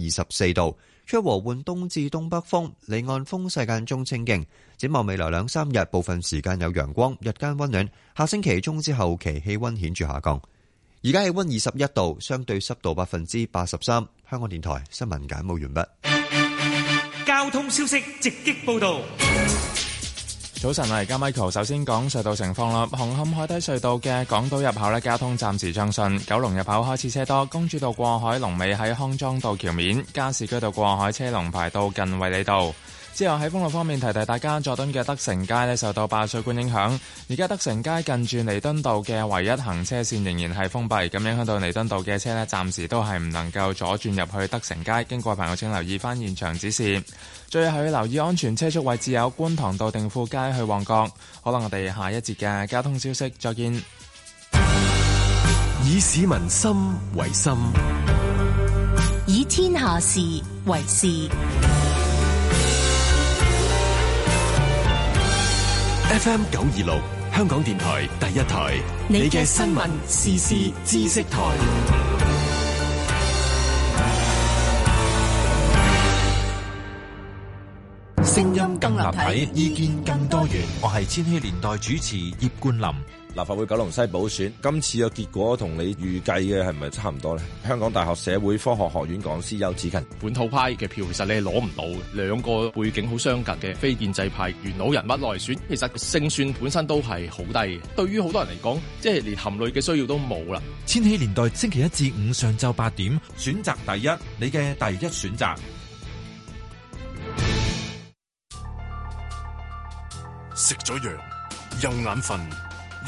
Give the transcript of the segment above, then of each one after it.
二十四度，吹和緩東至東北風，離岸風勢間中清勁。展望未來兩三日，部分時間有陽光，日間溫暖。下星期中之後期，氣溫顯著下降。而家氣溫二十一度，相對濕度百分之八十三。香港電台新聞簡報完畢。交通消息直擊報道。早晨啊，而家 Michael 首先講隧道情況啦。紅磡海底隧道嘅港島入口咧，交通暫時暢順；九龍入口開始車多。公主道過海龍尾喺康莊道橋面，加士居道過海車龍排到近衛理道。之後喺封路方面提提大家，佐敦嘅德成街受到爆水管影響，而家德成街近住彌敦道嘅唯一行車線仍然係封閉，咁影響到彌敦道嘅車咧，暫時都係唔能夠左轉入去德成街。經過嘅朋友請留意翻現場指示，最後要留意安全車速位置，有觀塘道定富街去旺角。好喇，我哋下一節嘅交通消息，再見。以市民心為心，以天下事為事。FM 九二六，香港電台第一台，你嘅新聞、時事、知識台，聲音更立體，意見更多元。我係千禧年代主持葉冠霖。立法會九龍西補選，今次嘅結果同你預計嘅係咪差唔多咧？香港大學社會科學學院講師邱子勤，本土派嘅票其實你攞唔到，兩個背景好相近嘅非建制派元老人物來選，其實勝算本身都係好低嘅。對於好多人嚟講，即係連含淚嘅需要都冇啦。千禧年代星期一至五上晝八點，選擇第一，你嘅第一選擇。食咗藥又眼瞓，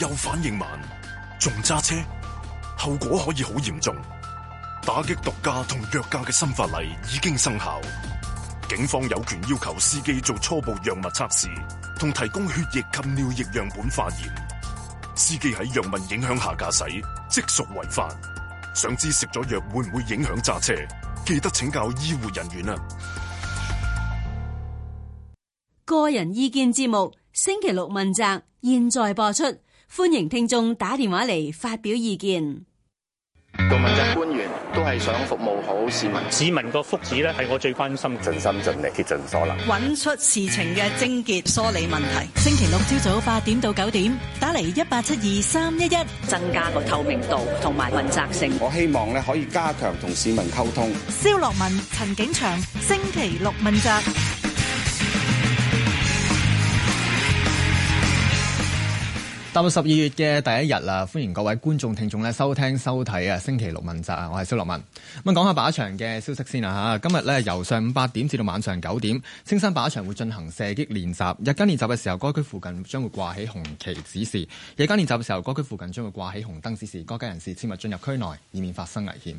又反應慢，仲揸車，後果可以好嚴重。打擊毒駕同藥駕嘅新法例已經生效，警方有權要求司機做初步藥物測試，同提供血液及尿液樣本化驗。司機喺藥物影響下駕駛，即屬違法。想知食咗藥會唔會影響揸車？記得請教醫護人員啊！個人意見節目星期六問責，現在播出。歡迎聽眾打電話嚟發表意見。做問責官員都係想服務好市民，市民個福祉咧係我最關心，盡心盡力竭盡所能，揾出事情嘅症結，梳理問題。星期六朝早八點到九點，打嚟一八七二三一一，增加個透明度同埋問責性。我希望咧可以加強同市民溝通。蕭洛汶、陳景祥，星期六問責。踏十二月嘅第一日啦，歡迎各位觀眾、聽眾咧收聽收睇啊！星期六問集啊，我係蕭樂文。咁講下靶場嘅消息先啦吓，今日咧由上午八點至到晚上九點，青山靶場會進行射擊練習。日間練習嘅時候，該區附近將會掛起紅旗指示；，夜間練習嘅時候，該區附近將會掛起紅燈指示，各界人士切勿進入區內，以免發生危險。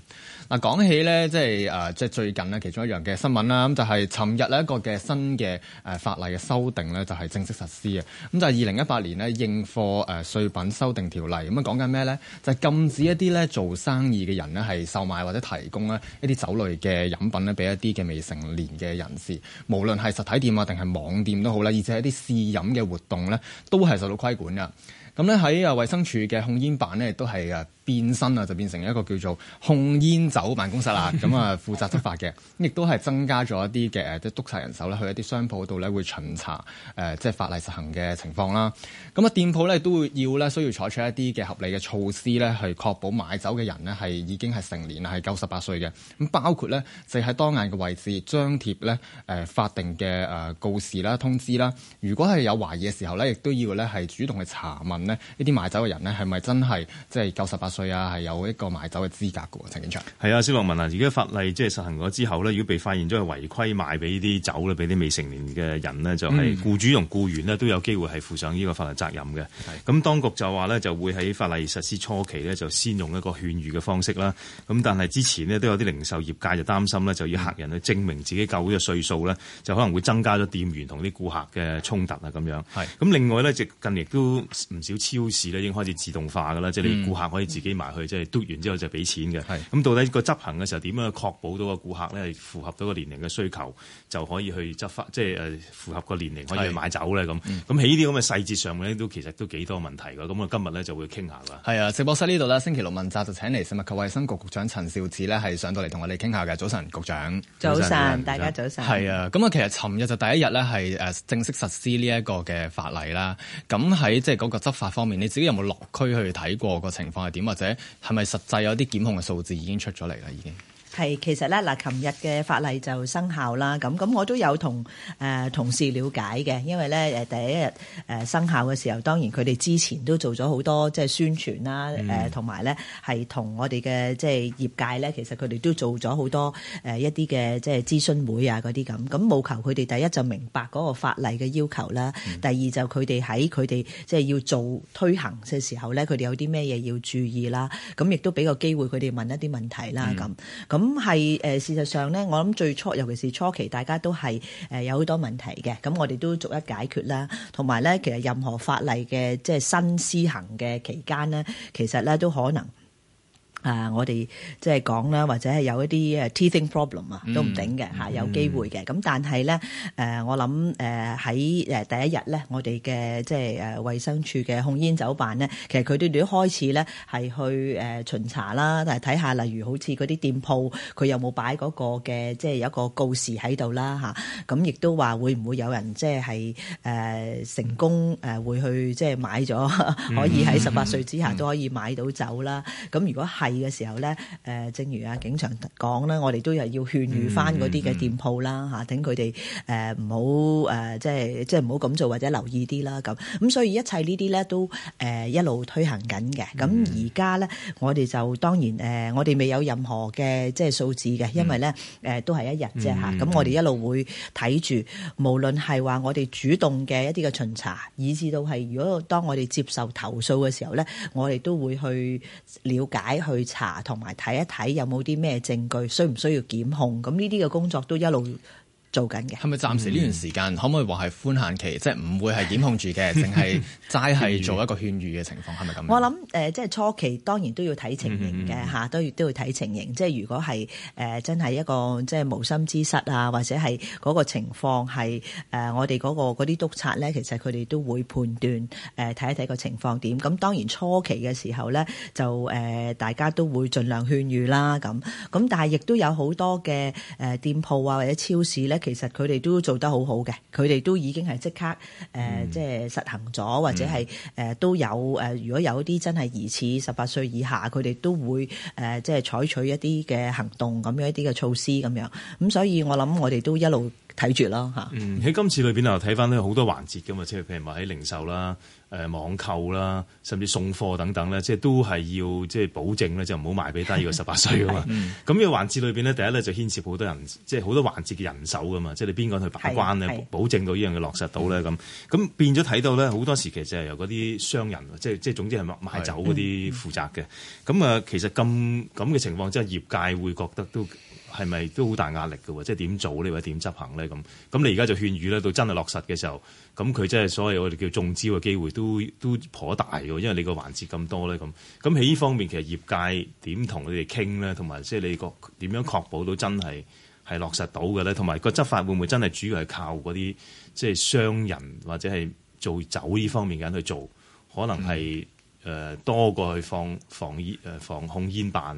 嗱，講起咧，即係誒，即係最近咧，其中一樣嘅新聞啦，咁就係尋日咧一個嘅新嘅誒法例嘅修訂咧，就係正式實施啊，咁就係二零一八年咧應貨。誒、呃、稅品修訂條例咁啊，講緊咩咧？就係、是、禁止一啲咧做生意嘅人呢係售賣或者提供咧一啲酒類嘅飲品咧，俾一啲嘅未成年嘅人士，無論係實體店啊定係網店都好啦，而且一啲試飲嘅活動咧，都係受到規管噶。咁咧喺啊衞生署嘅控煙辦咧，亦都係啊。變身啊，就變成一個叫做控煙酒辦公室啦。咁啊，負責執法嘅，咁亦都係增加咗一啲嘅誒，即督察人手咧，去一啲商鋪度咧，會巡查誒、呃，即係法例實行嘅情況啦。咁啊，店鋪咧都會要咧，需要採取一啲嘅合理嘅措施咧，去確保買酒嘅人呢係已經係成年啊，係九十八歲嘅。咁包括咧，就喺當眼嘅位置張貼咧誒法定嘅誒、呃、告示啦、通知啦。如果係有懷疑嘅時候咧，亦都要咧係主動去查問呢，呢啲買酒嘅人呢，係咪真係即係九十八歲？就是對啊，係有一個賣酒嘅資格嘅，陳景祥。係啊，蕭洛汶啊，而家法例即係實行咗之後呢，如果被發現咗係違規賣俾啲酒咧，俾啲未成年嘅人呢，就係、是、僱主同僱員呢都有機會係負上呢個法律責任嘅。咁當局就話呢，就會喺法例實施初期呢，就先用一個勸喻嘅方式啦。咁但係之前呢，都有啲零售業界就擔心呢，就要客人去證明自己夠嘅歲數呢，就可能會增加咗店員同啲顧客嘅衝突啊咁樣。係。咁另外呢，即係近年亦都唔少超市呢已經開始自動化嘅啦，即係你顧客可以自自己埋去，即係篤完之後就俾錢嘅。係咁，到底個執行嘅時候點樣確保到個顧客咧，符合到個年齡嘅需求，就可以去執法，即係誒符合個年齡可以去買走咧咁。咁喺呢啲咁嘅細節上咧，都其實都幾多問題㗎。咁啊，今日咧就會傾下啦。係啊，直播室呢度啦，星期六問責就請嚟食物及衞生局局長陳肇始咧，係上到嚟同我哋傾下嘅。早晨，局長。早晨，大家早晨。係啊，咁啊，其實尋日就第一日咧，係誒正式實施呢一個嘅法例啦。咁喺即係嗰個執法方面，你自己有冇落區去睇過個情況係點或者係咪實際有啲檢控嘅數字已經出咗嚟啦？已經。係，其實咧嗱，琴日嘅法例就生效啦。咁咁，我都有同誒、呃、同事了解嘅，因為咧第一日、呃、生效嘅時候，當然佢哋之前都做咗好多即係宣傳啦，同埋咧係同我哋嘅即係業界咧，其實佢哋都做咗好多一啲嘅即係諮詢會啊嗰啲咁。咁務求佢哋第一就明白嗰個法例嘅要求啦，嗯、第二就佢哋喺佢哋即係要做推行嘅時候咧，佢哋有啲咩嘢要注意啦。咁亦都俾個機會佢哋問一啲問題啦。咁、嗯、咁。咁係誒，事實上咧，我諗最初，尤其是初期，大家都係有好多問題嘅，咁我哋都逐一解決啦。同埋咧，其實任何法例嘅即係新施行嘅期間咧，其實咧都可能。啊、呃！我哋即係講啦，或者係有一啲誒 teething problem、嗯、啊，都唔定嘅吓有機會嘅。咁但係咧，誒、呃、我諗誒喺第一日咧，我哋嘅即係誒衛生署嘅控煙酒辦咧，其實佢哋都開始咧係去誒、呃、巡查啦，但係睇下例如好似嗰啲店鋪佢有冇擺嗰個嘅即係有一個告示喺度啦吓咁亦都話會唔會有人即係誒、呃、成功誒會去即係買咗，嗯、 可以喺十八歲之下都可以買到酒啦。咁、嗯嗯、如果係，嘅時候咧，誒、呃、正如阿警長講啦，我哋都係要勸喻翻嗰啲嘅店鋪啦，吓、嗯，等佢哋誒唔好誒即係即係唔好咁做，或者留意啲啦，咁，咁所以一切呢啲咧都誒、呃、一路推行緊嘅。咁而家咧，我哋就當然誒、呃、我哋未有任何嘅即係數字嘅，因為咧誒、呃、都係一日啫吓，咁、嗯嗯、我哋一路會睇住，無論係話我哋主動嘅一啲嘅巡查，以至到係如果當我哋接受投訴嘅時候咧，我哋都會去了解去。去查同埋睇一睇有冇啲咩證據，需唔需要檢控？咁呢啲嘅工作都一路做緊嘅，係咪暫時呢段時間可唔可以話係寬限期，即係唔會係檢控住嘅，淨係齋係做一個勸喻嘅情況係咪咁？我諗誒、呃，即係初期當然都要睇情形嘅下，都亦都要睇情形。即係如果係誒、呃、真係一個即係無心之失啊，或者係嗰個情況係誒、呃、我哋嗰、嗰個嗰啲督察咧，其實佢哋都會判斷誒睇、呃、一睇個情況點。咁當然初期嘅時候咧，就誒、呃、大家都會盡量勸喻啦咁。咁但係亦都有好多嘅、呃、店鋪啊或者超市咧。其實佢哋都做得好好嘅，佢哋都已經係即刻誒、呃，即係實行咗，或者係誒都有誒。如果有啲真係疑似十八歲以下，佢哋都會誒、呃，即係採取一啲嘅行動咁樣，一啲嘅措施咁樣。咁所以我諗我哋都一路睇住咯嚇。嗯，喺今次裏邊啊，睇翻咧好多環節噶嘛，即係譬如話喺零售啦。誒網購啦，甚至送貨等等咧，即係都係要即係保證咧，就唔好賣俾低過十八歲啊嘛。咁呢個環節裏面咧，第一咧就牽涉好多人，即係好多環節嘅人手噶嘛。即係你邊個去把關咧，保證到呢樣嘢落實、嗯、到咧咁。咁變咗睇到咧，好多時其實係由嗰啲商人，即係即係總之係賣酒嗰啲負責嘅。咁啊、嗯，其實咁咁嘅情況之下，即係業界會覺得都。係咪都好大壓力嘅喎？即係點做呢？或者點執行咧咁？咁你而家就勸喻咧，到真係落實嘅時候，咁佢即係所謂我哋叫中招嘅機會都都頗大嘅，因為你個環節咁多咧咁。咁喺呢方面，其實業界點同你哋傾咧，同埋即係你個點樣確保到真係係落實到嘅咧？同埋個執法會唔會真係主要係靠嗰啲即係商人或者係做酒呢方面嘅人去做，可能係誒、嗯呃、多過去放防煙誒防控煙辦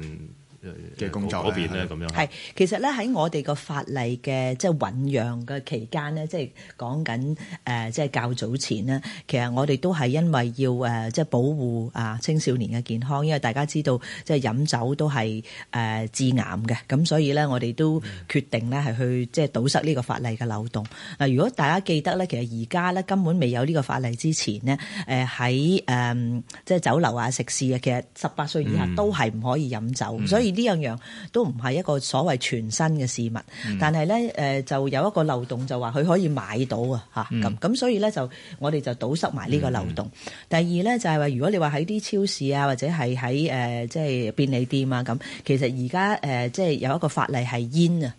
嘅工作嗰邊咧咁樣。係其實咧喺我哋個法例嘅即係醖釀嘅期間呢，即係講緊誒即係較早前呢，其實我哋都係因為要誒即係保護啊青少年嘅健康，因為大家知道即係飲酒都係誒致癌嘅，咁所以咧我哋都決定咧係去即係堵塞呢個法例嘅漏洞。嗱、嗯，如果大家記得咧，其實而家咧根本未有呢個法例之前呢，誒喺誒即係酒樓啊、食肆啊，其實十八歲以下都係唔可以飲酒，嗯，所以。呢樣樣都唔係一個所謂全新嘅事物，嗯、但係咧誒就有一個漏洞，就話佢可以買到、嗯、啊嚇咁咁，所以咧就我哋就堵塞埋呢個漏洞。嗯、第二咧就係、是、話，如果你話喺啲超市啊，或者係喺誒即係便利店啊咁，其實而家誒即係有一個法例係煙啊。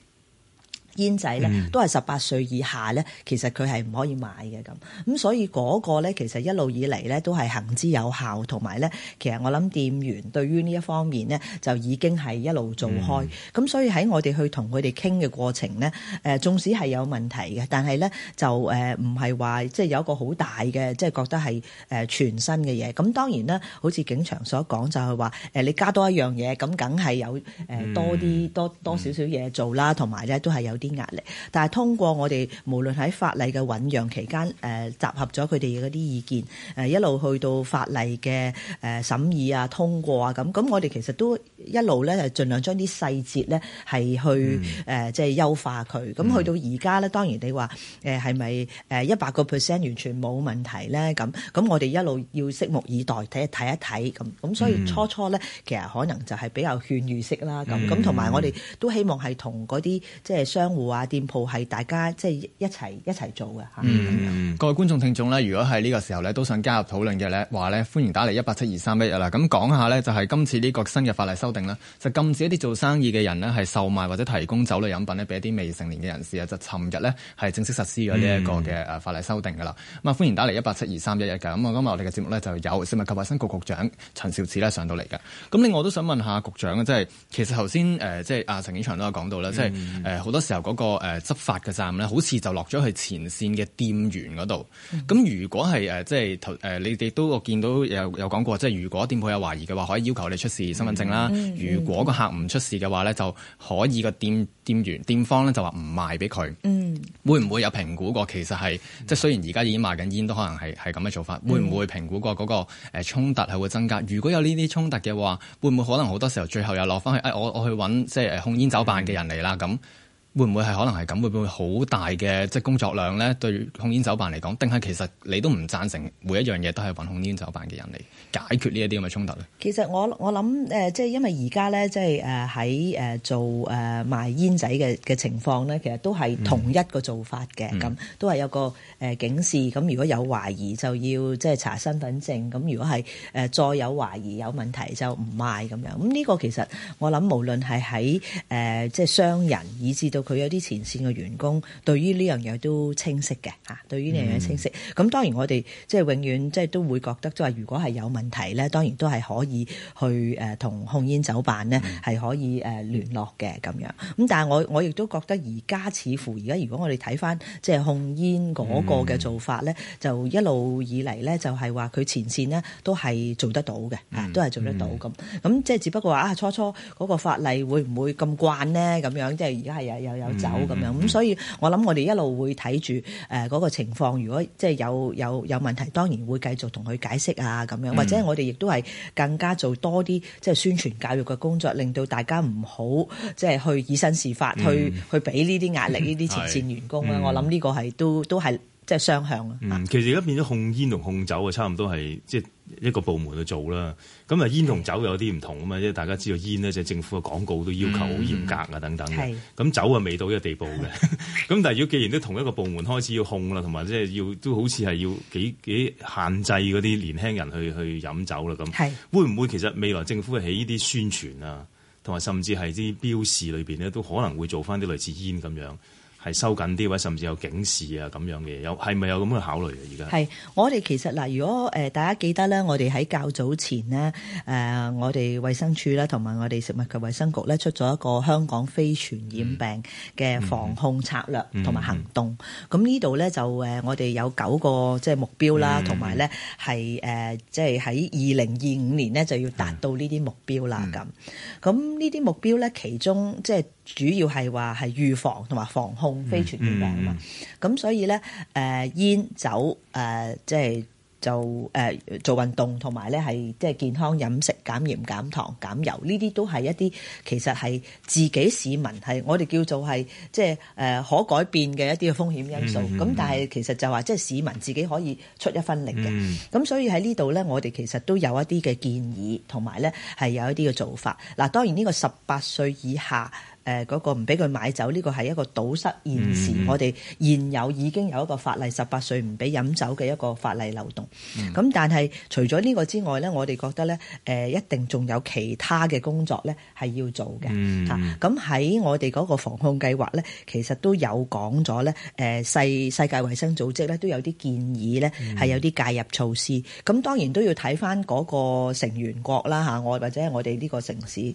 煙仔咧都係十八歲以下咧，其實佢係唔可以買嘅咁。咁所以嗰個咧，其實一路以嚟咧都係行之有效，同埋咧，其實我諗店員對於呢一方面咧，就已經係一路做開。咁、嗯、所以喺我哋去同佢哋傾嘅過程咧，誒、呃、縱使係有問題嘅，但係咧就誒唔係話即係有一個好大嘅，即、就、係、是、覺得係誒、呃、全新嘅嘢。咁當然啦，好似景祥所講就係話誒，你加多一樣嘢，咁梗係有誒、呃、多啲多多少少嘢做啦，同埋咧都係有啲，啲壓力，但係通過我哋無論喺法例嘅醞釀期間誒、呃、集合咗佢哋嗰啲意見誒、呃、一路去到法例嘅誒審議啊、通過啊咁，咁我哋其實都一路咧就盡量將啲細節咧係去誒、嗯呃、即係優化佢。咁去到而家咧，當然你話誒係咪誒一百個 percent 完全冇問題咧？咁咁我哋一路要拭目以待，睇一睇一睇咁。咁所以初初咧，其實可能就係比較勸喻式啦。咁咁同埋我哋都希望係同嗰啲即係相。啊！店鋪係大家即係、就是、一齊一齊做嘅嚇、嗯。各位觀眾聽眾呢，如果係呢個時候咧都想加入討論嘅咧，話咧歡迎打嚟一八七二三一一啦。咁講下呢，就係今次呢個新嘅法例修訂啦，就是、禁止一啲做生意嘅人呢係售賣或者提供酒類飲品咧俾一啲未成年嘅人士啊。就尋日呢係正式實施咗呢一個嘅法例修訂嘅啦。咁、嗯、啊，歡迎打嚟一八七二三一一㗎。咁我今日我哋嘅節目呢，就有食物及衞生局局長陳肇始呢上到嚟嘅。咁另外我都想問下局長即係，其實頭先誒即係阿陳景祥都有講到啦，即係誒好多時候。嗰、那個誒、呃、執法嘅站咧，好似就落咗去前線嘅店員嗰度。咁、嗯、如果係、呃、即係頭、呃、你哋都我見到有有講過，即係如果店鋪有懷疑嘅話，可以要求你出示身份證啦、嗯嗯。如果個客唔出示嘅話咧，就可以個店店員店方咧就話唔賣俾佢。嗯，會唔會有評估過？其實係、嗯、即係雖然而家已經賣緊煙，都可能係係咁嘅做法。會唔會評估過嗰、那個誒、呃、衝突係會增加？如果有呢啲衝突嘅話，會唔會可能好多時候最後又落翻去？誒、哎，我我去搵即係控煙酒辦嘅人嚟啦咁。嗯。會唔會係可能係咁？會唔會好大嘅即係工作量咧？對控煙酒辦嚟講，定係其實你都唔贊成每一樣嘢都係搵控煙酒辦嘅人嚟解決呢一啲咁嘅衝突咧？其實我我諗誒、即係因為而家咧，即係喺做誒、呃、賣煙仔嘅嘅情況咧，其實都係同一個做法嘅，咁、嗯、都係有個、呃、警示。咁如果有懷疑，就要即係查身份證。咁如果係、呃、再有懷疑有問題就，就唔賣咁樣。咁、這、呢個其實我諗，無論係喺誒、即係商人，以至到佢有啲前線嘅員工對於呢樣嘢都清晰嘅吓，對於呢樣嘢清晰。咁、mm. 當然我哋即係永遠即係都會覺得即係話如果係有問題咧，當然都係可以去誒同、呃、控煙酒辦咧係可以誒、呃 mm. 聯絡嘅咁樣，咁但係我我亦都覺得而家似乎而家如果我哋睇翻即係控煙嗰個嘅做法咧，mm. 就一路以嚟咧就係話佢前線咧都係做得到嘅，啊、mm. 都係做得到咁。咁即係只不過話啊初初嗰個法例會唔會咁慣咧咁樣，即係而家係有有。嗯、有酒咁樣，咁所以我諗我哋一路會睇住誒嗰個情況。如果即係有有有問題，當然會繼續同佢解釋啊咁樣，或者我哋亦都係更加做多啲即係宣傳教育嘅工作，令到大家唔好即係去以身試法，嗯，去去俾呢啲壓力呢啲前線員工啦，嗯。我諗呢個係都都係即係雙向啊。嗯，其實而家變咗控煙同控酒啊，差唔多係即係。一個部門去做啦，咁啊煙同酒有啲唔同啊嘛，因為大家知道煙呢，即係、政府嘅廣告都要求好嚴格啊，等等咁、嗯、酒啊未到呢個地步嘅，咁 但係如果既然都同一個部門開始要控啦，同埋即係要都好似係要幾幾限制嗰啲年輕人去去飲酒啦咁，會唔會其實未來政府喺呢啲宣傳啊，同埋甚至係啲標示裏面呢，都可能會做返啲類似煙咁樣。係收緊啲，或者甚至有警示啊咁樣嘅，有係咪有咁嘅考慮啊？而家係我哋其實嗱，如果誒大家記得咧，我哋喺較早前呢，誒我哋衛生署啦，同埋我哋食物及衞生局咧出咗一個香港非傳染病嘅防控策略同埋行動。咁、嗯嗯嗯嗯嗯、呢度咧就誒我哋有九個即係目標啦，同埋咧係誒即係喺二零二五年咧就要達到呢啲目標啦。咁咁呢啲目標咧其中即係。主要係話係預防同埋防控非傳染病啊嘛，咁、嗯嗯嗯、所以咧誒、呃、煙酒誒、呃、即係就誒做運動同埋咧係即係健康飲食，減鹽、減糖、減油呢啲都係一啲其實係自己市民係我哋叫做係即係誒可改變嘅一啲嘅風險因素，咁、嗯嗯、但係其實就話即係市民自己可以出一分力嘅，咁、嗯、所以喺呢度咧我哋其實都有一啲嘅建議同埋咧係有一啲嘅做法。嗱當然呢個十八歲以下。誒、呃、嗰、那個唔俾佢買酒，呢個係一個堵塞現時、嗯、我哋現有已經有一個法例，十八歲唔俾飲酒嘅一個法例漏洞。咁、嗯、但係除咗呢個之外呢我哋覺得呢誒、呃、一定仲有其他嘅工作呢係要做嘅。咁、嗯、喺、啊、我哋嗰個防控計劃呢，其實都有講咗呢：誒、呃、世世界衛生組織呢都有啲建議呢係有啲介入措施。咁、嗯啊、當然都要睇翻嗰個成員國啦、啊、我或者我哋呢個城市。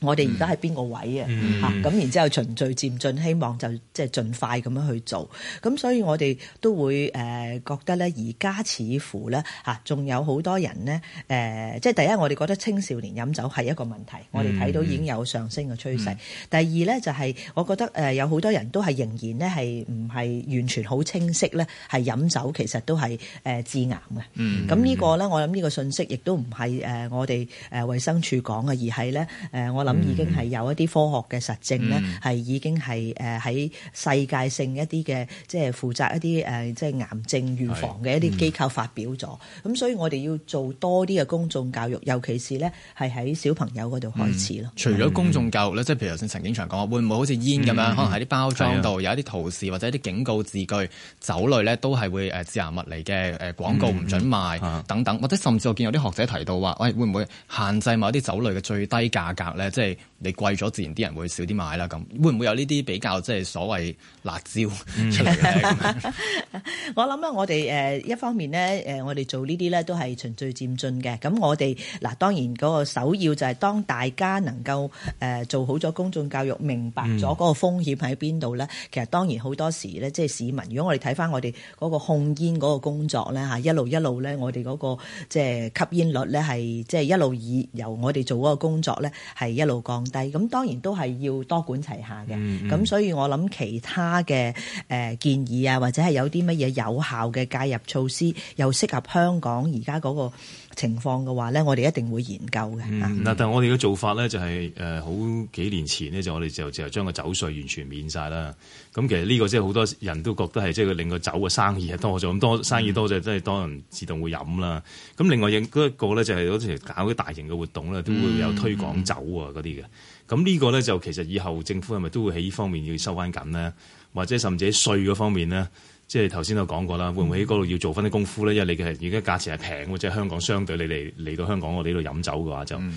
我哋而家喺邊個位啊？嚇、mm-hmm. 咁、啊、然之後循序漸進，希望就即係盡快咁樣去做。咁所以我哋都會誒、呃、覺得咧，而家似乎咧吓仲有好多人咧誒、呃、即係第一，我哋覺得青少年飲酒係一個問題，mm-hmm. 我哋睇到已經有上升嘅趨勢。Mm-hmm. 第二咧就係、是、我覺得誒有好多人都係仍然咧係唔係完全好清晰咧係飲酒其實都係誒、呃、致癌嘅。嗯、mm-hmm.，咁呢個咧我諗呢個信息亦都唔係誒我哋誒衛生署講嘅，而係咧誒我。諗、嗯、已經係有一啲科學嘅實證咧，係已經係誒喺世界性一啲嘅，即、就、係、是、負責一啲誒即係癌症預防嘅一啲機構發表咗。咁、嗯、所以我哋要做多啲嘅公眾教育，尤其是咧係喺小朋友嗰度開始咯、嗯。除咗公眾教育咧、嗯，即係譬如頭先陳景祥講，會唔會好似煙咁樣、嗯，可能喺啲包裝度有一啲圖示或者一啲警告字句，酒類咧都係會誒致癌物嚟嘅誒廣告唔、嗯、准賣等等，或者甚至我見有啲學者提到話，喂會唔會限制某啲酒類嘅最低價格咧？即係你貴咗，自然啲人會少啲買啦。咁會唔會有呢啲比較即係所謂辣椒出嚟？嗯、 我諗啊我哋誒一方面咧，誒我哋做呢啲咧都係循序漸進嘅。咁我哋嗱當然嗰個首要就係當大家能夠誒做好咗公眾教育，明白咗嗰個風險喺邊度咧。嗯、其實當然好多時咧，即係市民，如果我哋睇翻我哋嗰個控煙嗰個工作咧吓一路一路咧，我哋嗰個即係吸煙率咧係即係一路以由我哋做嗰個工作咧係一。一路降低，咁當然都係要多管齊下嘅。咁、嗯嗯、所以我諗其他嘅誒建議啊，或者係有啲乜嘢有效嘅介入措施，又適合香港而家嗰個情況嘅話咧，我哋一定會研究嘅。嗱、嗯，但係我哋嘅做法咧、就係，就係誒好幾年前呢，我哋就我哋就就將個酒稅完全免晒啦。咁其實呢個即係好多人都覺得係即係令個酒嘅生意係多咗咁多，生意多就真、係、係多人自動會飲啦。咁另外一個咧、就係，就係好似搞啲大型嘅活動咧，都會有推廣酒啊嗰啲嘅。咁、嗯、呢個咧就其實以後政府係咪都會喺呢方面要收翻緊呢？或者甚至稅嗰方面咧？即係頭先都講過啦，會唔會喺嗰度要做翻啲功夫咧？因為你嘅而家價錢係平，即係香港相對你嚟嚟到香港我哋呢度飲酒嘅話，就咁呢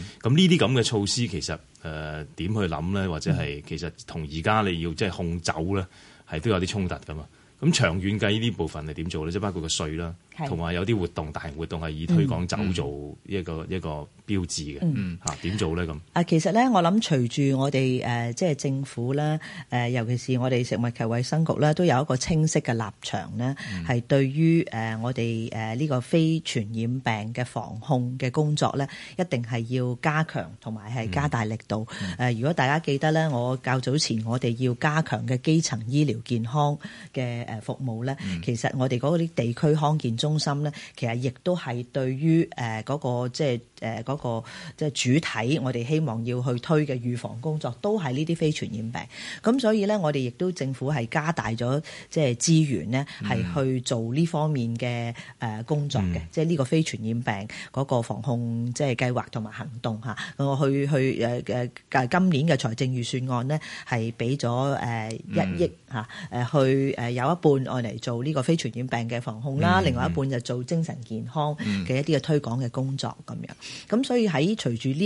啲咁嘅措施其實誒點、呃、去諗咧？或者係其實同而家你要即係控酒咧，係都有啲衝突噶嘛？咁長遠計呢部分係點做咧？即係包括個稅啦。同埋有啲活動大型活動係以推廣酒做一個、嗯嗯、一個標誌嘅吓點做咧咁啊其實咧我諗隨住我哋誒即係政府咧誒尤其是我哋食物及衛生局咧都有一個清晰嘅立場咧係、嗯、對於誒我哋誒呢個非傳染病嘅防控嘅工作咧一定係要加強同埋係加大力度誒、嗯嗯、如果大家記得咧我較早前我哋要加強嘅基層醫療健康嘅誒服務咧、嗯、其實我哋嗰啲地區康健中中心咧，其實亦都係對於誒嗰個即係，就是誒、呃、嗰、那個即係主體我哋希望要去推嘅預防工作，都係呢啲非傳染病。咁所以咧，我哋亦都政府係加大咗即係資源咧，係去做呢方面嘅誒工作嘅、嗯，即係呢個非傳染病嗰個防控即係計劃同埋行動嚇咁我去去誒、啊、今年嘅財政預算案咧係俾咗誒一億、嗯啊、去誒有一半愛嚟做呢個非傳染病嘅防控啦、嗯，另外一半就做精神健康嘅一啲嘅推廣嘅工作咁樣。咁所以喺隨住呢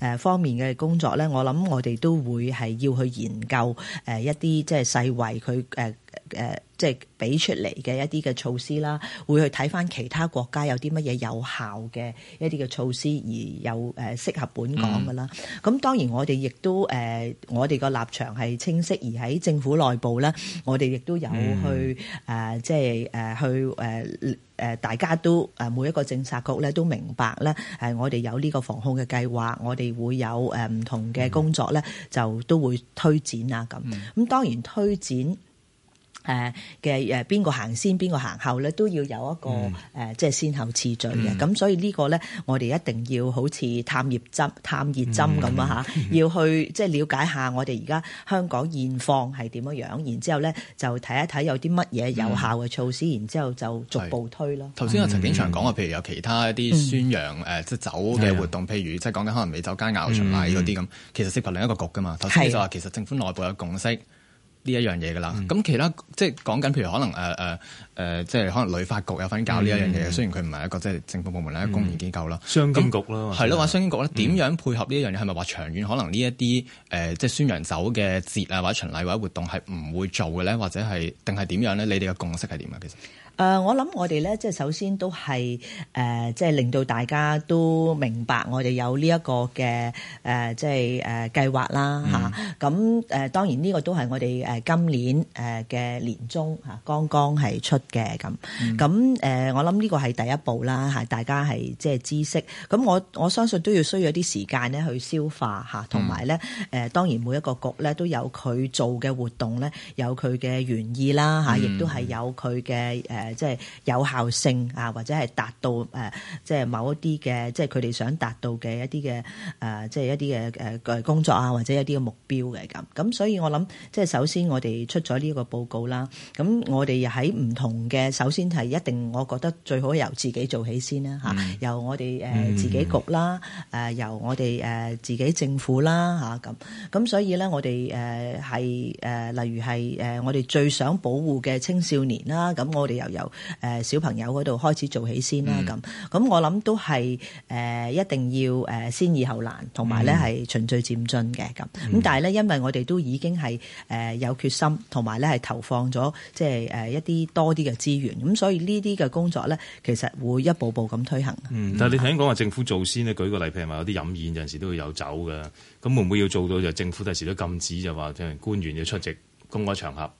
一誒方面嘅工作咧，我諗我哋都會係要去研究誒一啲，即係世衛佢誒。誒、呃，即係俾出嚟嘅一啲嘅措施啦，會去睇翻其他國家有啲乜嘢有效嘅一啲嘅措施，而有誒、呃、適合本港嘅啦。咁、嗯、當然我哋亦都誒、呃，我哋個立場係清晰，而喺政府內部咧，我哋亦都有去誒、嗯呃，即係誒去誒誒，大家都誒、呃、每一個政策局咧都明白咧，誒、呃、我哋有呢個防控嘅計劃，我哋會有誒、呃、唔同嘅工作咧，就都會推展啊。咁咁、嗯、當然推展。誒嘅誒邊個行先，邊個行後咧，都要有一個誒、嗯呃、即係先後次序嘅。咁、嗯、所以個呢個咧，我哋一定要好似探熱針、探熱針咁啊吓要去即係、就是、了解下我哋而家香港現況係點樣。然之後咧，就睇一睇有啲乜嘢有效嘅措施，嗯、然之後就逐步推咯。頭先阿陳景祥講話，譬如有其他一啲宣揚誒、嗯、即係酒嘅活動，嗯、譬如即係講緊可能美酒佳餚巡禮嗰啲咁，其實涉及另一個局噶嘛。頭先就話其實政府內部有共識。呢一樣嘢㗎啦，咁、嗯、其他即係講緊，譬、就是、如可能誒誒即係可能旅發局有分搞呢一樣嘢。嗯、雖然佢唔係一個即係、就是、政府部門啦，嗯、公營機構啦，商經局啦，係咯，話商經局咧點樣配合呢一樣嘢？係咪話長遠可能呢一啲誒，即係宣揚酒嘅節啊，或者巡禮或者活動係唔會做嘅咧？或者係定係點樣咧？你哋嘅共識係點啊？其實。誒、呃，我諗我哋咧，即係首先都係誒，即、呃、係令到大家都明白我哋有呢一個嘅誒，即係誒計劃啦嚇咁誒、嗯啊，當然呢個都係我哋今年嘅年終嚇、啊，剛剛係出嘅咁。咁、嗯、誒、啊呃，我諗呢個係第一步啦，大家係即係知識。咁我我相信都要需要啲時間咧去消化嚇同埋咧誒，當然每一個局咧都有佢做嘅活動咧，有佢嘅原意啦亦、啊、都係有佢嘅誒。呃誒，即係有效性啊，或者係達到誒、呃、即係某一啲嘅，即係佢哋想達到嘅一啲嘅誒即係一啲嘅誒工作啊，或者一啲嘅目標嘅咁。咁所以我諗即係首先我哋出咗呢個報告啦。咁我哋喺唔同嘅，首先係一定，我覺得最好由自己做起先啦吓、嗯、由我哋誒自己局啦，誒、嗯、由我哋誒自己政府啦吓咁。咁所以咧，我哋誒係誒例如係誒我哋最想保護嘅青少年啦。咁我哋由由誒小朋友嗰度開始做起先啦，咁、嗯、咁我諗都係誒一定要誒先易後難，同埋咧係循序漸進嘅咁。咁、嗯、但係咧，因為我哋都已經係誒有決心，同埋咧係投放咗即係誒一啲多啲嘅資源，咁所以呢啲嘅工作咧，其實會一步步咁推行。嗯、但係你頭先講話政府做先咧，舉個例譬如話有啲飲宴有陣時都會有酒㗎，咁會唔會要做到就政府第時都禁止就話即係官員要出席公開場合？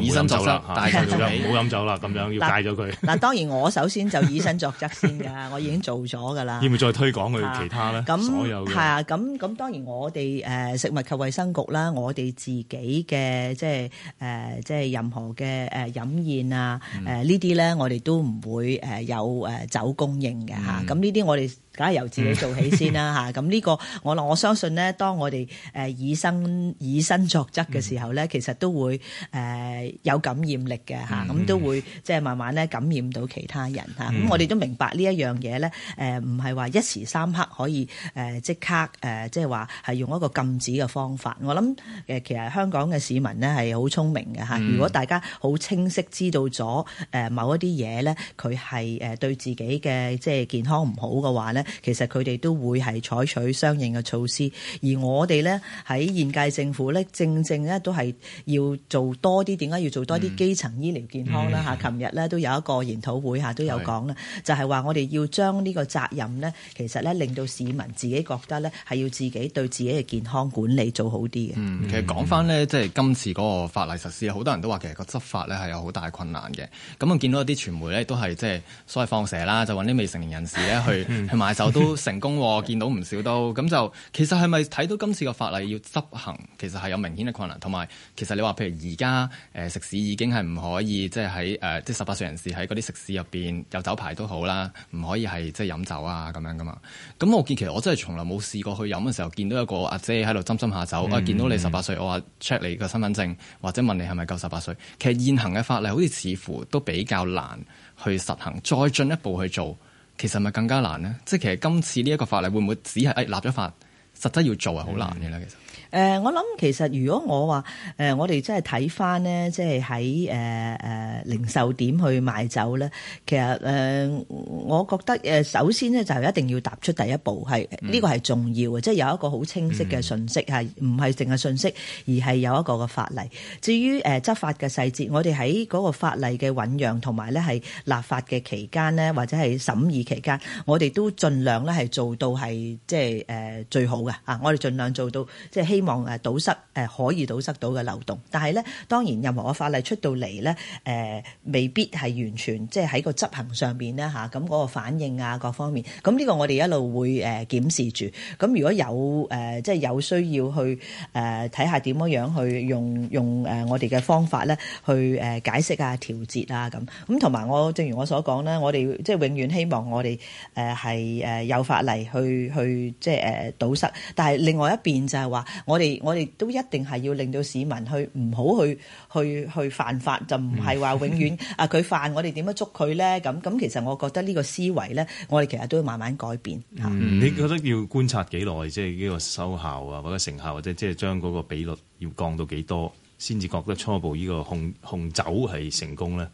以身作則啦，大家唔好飲酒啦，咁樣要戒咗佢。嗱，當然我首先就以身作則先噶，我已經做咗噶啦。要唔要再推廣去其他咧？所有係啊，咁咁當然我哋誒食物及衛生局啦，我哋自己嘅即係誒即係任何嘅誒飲宴啊誒呢啲咧，我哋都唔會誒有誒酒供應嘅嚇。咁呢啲我哋梗係由自己做起先啦嚇。咁呢個我我相信咧，當我哋誒以身以身作則嘅時候咧，其實都會誒。誒有感染力嘅吓，咁、嗯、都會即係慢慢咧感染到其他人吓，咁、嗯、我哋都明白呢一樣嘢咧，誒唔係話一時三刻可以誒即刻誒即係話係用一個禁止嘅方法。我諗誒其實香港嘅市民咧係好聰明嘅吓、嗯，如果大家好清晰知道咗誒某一啲嘢咧，佢係誒對自己嘅即係健康唔好嘅話咧，其實佢哋都會係採取相應嘅措施。而我哋咧喺現屆政府咧，正正咧都係要做多啲。點解要做多啲基層醫療健康啦吓，琴日咧都有一個研討會嚇，都有講啦，就係話我哋要將呢個責任咧，其實咧令到市民自己覺得咧係要自己對自己嘅健康管理做好啲嘅、嗯。嗯，其實講翻咧，即係今次嗰個法例實施，好、嗯、多人都話其實個執法咧係有好大嘅困難嘅。咁啊，見到啲傳媒咧都係即係所謂放蛇啦，就揾啲未成年人士咧去、嗯、去買手都成功喎， 見到唔少都。咁就其實係咪睇到今次個法例要執行，其實係有明顯嘅困難，同埋其實你話譬如而家。誒食肆已經係唔可以，即係喺誒即係十八歲人士喺嗰啲食肆入邊有酒牌都好啦，唔可以係即係飲酒啊咁樣㗎嘛。咁我見其實我真係從來冇試過去飲嘅時候，見到一個阿姐喺度斟斟下酒啊、嗯，見到你十八歲，我話 check 你個身份證或者問你係咪夠十八歲。其實現行嘅法例好似似乎都比較難去實行，再進一步去做，其實咪更加難呢？即係其實今次呢一個法例會唔會只係、哎、立咗法？實質要做係，好難嘅咧，其實。呃、我諗其實如果我話誒、呃，我哋真係睇翻呢，即係喺誒零售點去賣酒咧，其實誒、呃，我覺得首先咧就一定要踏出第一步，係呢、嗯呢個係重要嘅，即、就、係、是、有一個好清晰嘅信息，係唔係淨係信息，而係有一個嘅法例。至於誒、呃、執法嘅細節，我哋喺嗰個法例嘅醖釀同埋咧係立法嘅期間咧，或者係審議期間，我哋都盡量咧係做到係即係誒最好嘅。啊！我哋儘量做到，即係希望誒堵塞誒可以堵塞到嘅漏洞。但係咧，當然任何個法例出到嚟咧，誒未必係完全即係喺個執行上邊啦吓。咁嗰個反應啊，各方面，咁呢個我哋一路會誒檢視住。咁如果有誒即係有需要去誒睇下點樣樣去用用誒我哋嘅方法咧，去誒解釋啊、調節啊咁。咁同埋我正如我所講咧，我哋即係永遠希望我哋誒係誒有法例去去即係誒堵塞。但係另外一邊就係話，我哋我哋都一定係要令到市民去唔好去去去犯法，就唔係話永遠 啊佢犯，我哋點樣捉佢咧？咁咁其實我覺得呢個思維咧，我哋其實都要慢慢改變吓、嗯。你覺得要觀察幾耐即係呢個收效啊，或者成效，或者即係將嗰個比率要降到幾多先至覺得初步呢個控控酒係成功咧？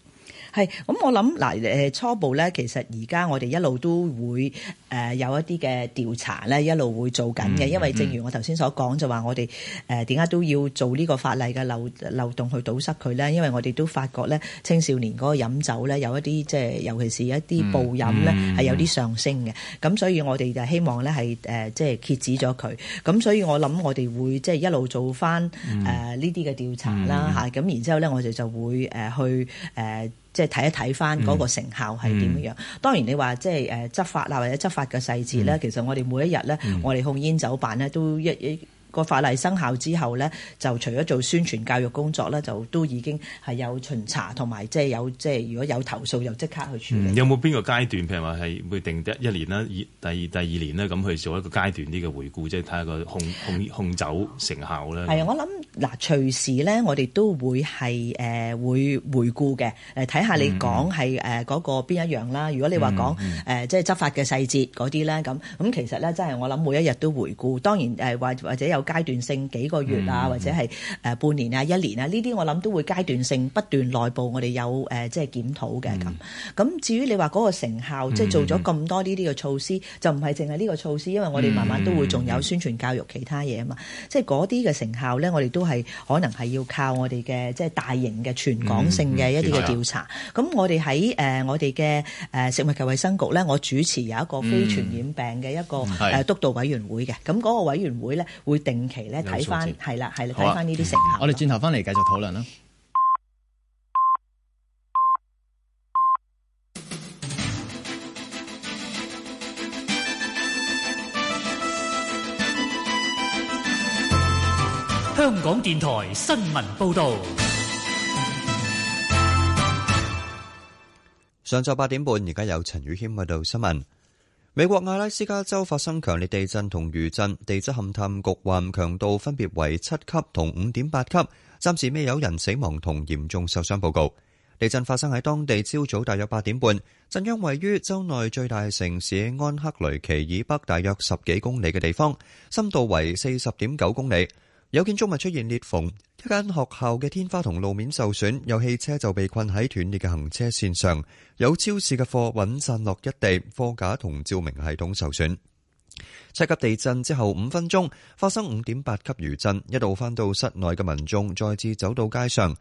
係，咁我諗嗱誒初步咧，其實而家我哋一路都會誒、呃、有一啲嘅調查咧，一路會做緊嘅。因為正如我頭先所講，mm-hmm. 就話我哋誒點解都要做呢個法例嘅漏漏洞去堵塞佢咧？因為我哋都發覺咧，青少年嗰個飲酒咧有一啲即係，尤其是一啲暴飲咧係、mm-hmm. 有啲上升嘅。咁所以我哋就希望咧係即係揭止咗佢。咁所以我諗我哋會即係一路做返誒呢啲嘅調查啦咁、mm-hmm. 啊、然之後咧，我哋就，就會、呃、去誒。呃即係睇一睇翻嗰個成效係點樣，嗯嗯？當然你話即係誒執法啦，或者執法嘅細節咧，嗯，其實我哋每一日咧，嗯，我哋控煙酒辦咧都一一。個法例生效之後咧，就除咗做宣傳教育工作咧，就都已經係有巡查同埋即係有即係如果有投訴又即刻去處理。嗯、有冇邊個階段譬如話係會定一年啦，第二第二年咧咁去做一個階段啲嘅回顧，即係睇下個控控控、控酒成效咧？係啊，我諗嗱，隨時咧我哋都會係誒、呃、會回顧嘅誒，睇、呃、下你講係誒嗰個邊一樣啦。如果你話講誒即係執法嘅細節嗰啲咧，咁咁其實咧真係我諗每一日都回顧。當然誒，或、呃、或者有。階段性幾個月啊、嗯，或者係誒、呃、半年啊、一年啊，呢啲我諗都會階段性不斷內部我哋有誒即係檢討嘅咁。咁、嗯、至於你話嗰個成效，即、嗯、係、即係、做咗咁多呢啲嘅措施，就唔係淨係呢個措施，因為我哋慢慢都會仲有宣傳教育其他嘢啊嘛。即係嗰啲嘅成效咧，我哋都係可能係要靠我哋嘅即係大型嘅全港性嘅一啲嘅調查。咁、嗯、我哋喺誒我哋嘅誒食物及衞生局咧，我主持有一個非傳染病嘅一個誒督導委員會嘅。咁、嗯、嗰、啊啊嗰個委員會咧會定。近期咧睇翻，係啦，係啦，睇翻呢啲成效。我哋轉頭翻嚟繼續討論啦。香港電台新聞報道。上晝八點半，而家有陳宇軒喺度新聞。美國阿拉斯加州發生強烈地震同餘震，地質勘探局話強度分別為七級同五點八級，暫時未有人死亡同嚴重受傷報告。地震發生喺當地朝早大約八點半，震央位於州內最大城市安克雷奇以北大約十幾公里嘅地方，深度為四十點九公里。有建築物出現裂縫，一間學校嘅天花同路面受損，有汽車就被困喺斷裂嘅行車線上，有超市嘅貨品散落一地，貨架同照明系統受損。七級地震之後五分鐘，發生五點八級餘震，一度翻到室內嘅民眾再次走到街上。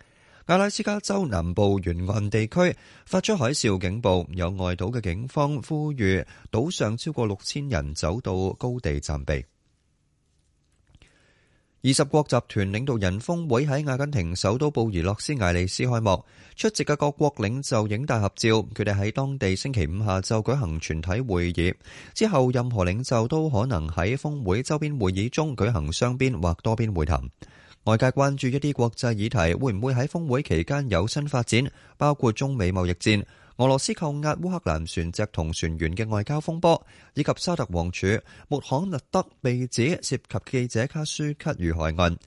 阿拉斯加州南部沿岸地區發出海嘯警報，有外島嘅警方呼籲島上超過六千人走到高地暫避。二十國集團領導人峰會喺阿根廷首都布宜諾斯艾利斯開幕，出席嘅各國領袖影大合照。佢哋喺當地星期五下晝舉行全體會議，之後任何領袖都可能喺峰會周邊會議中舉行雙邊或多邊會談。外界關注一啲國際議題會唔會喺峰會期間有新發展，包括中美貿易戰。俄羅斯扣押烏克蘭船隻同船員嘅外交風波，以及沙特王儲穆罕默德被指涉及記者卡舒咳遇害案，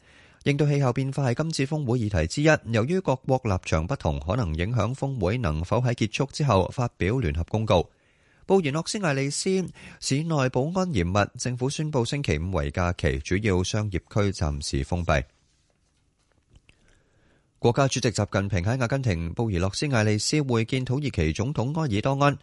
應對氣候變化係今次峰會議題之一。由於各國立場不同，可能影響峰會能否喺結束之後發表聯合公告。布宜諾斯艾利斯市內保安嚴密，政府宣布星期五為假期，主要商業區暫時封閉。國家主席習近平喺阿根廷布宜諾斯艾利斯會見土耳其總統埃爾多安，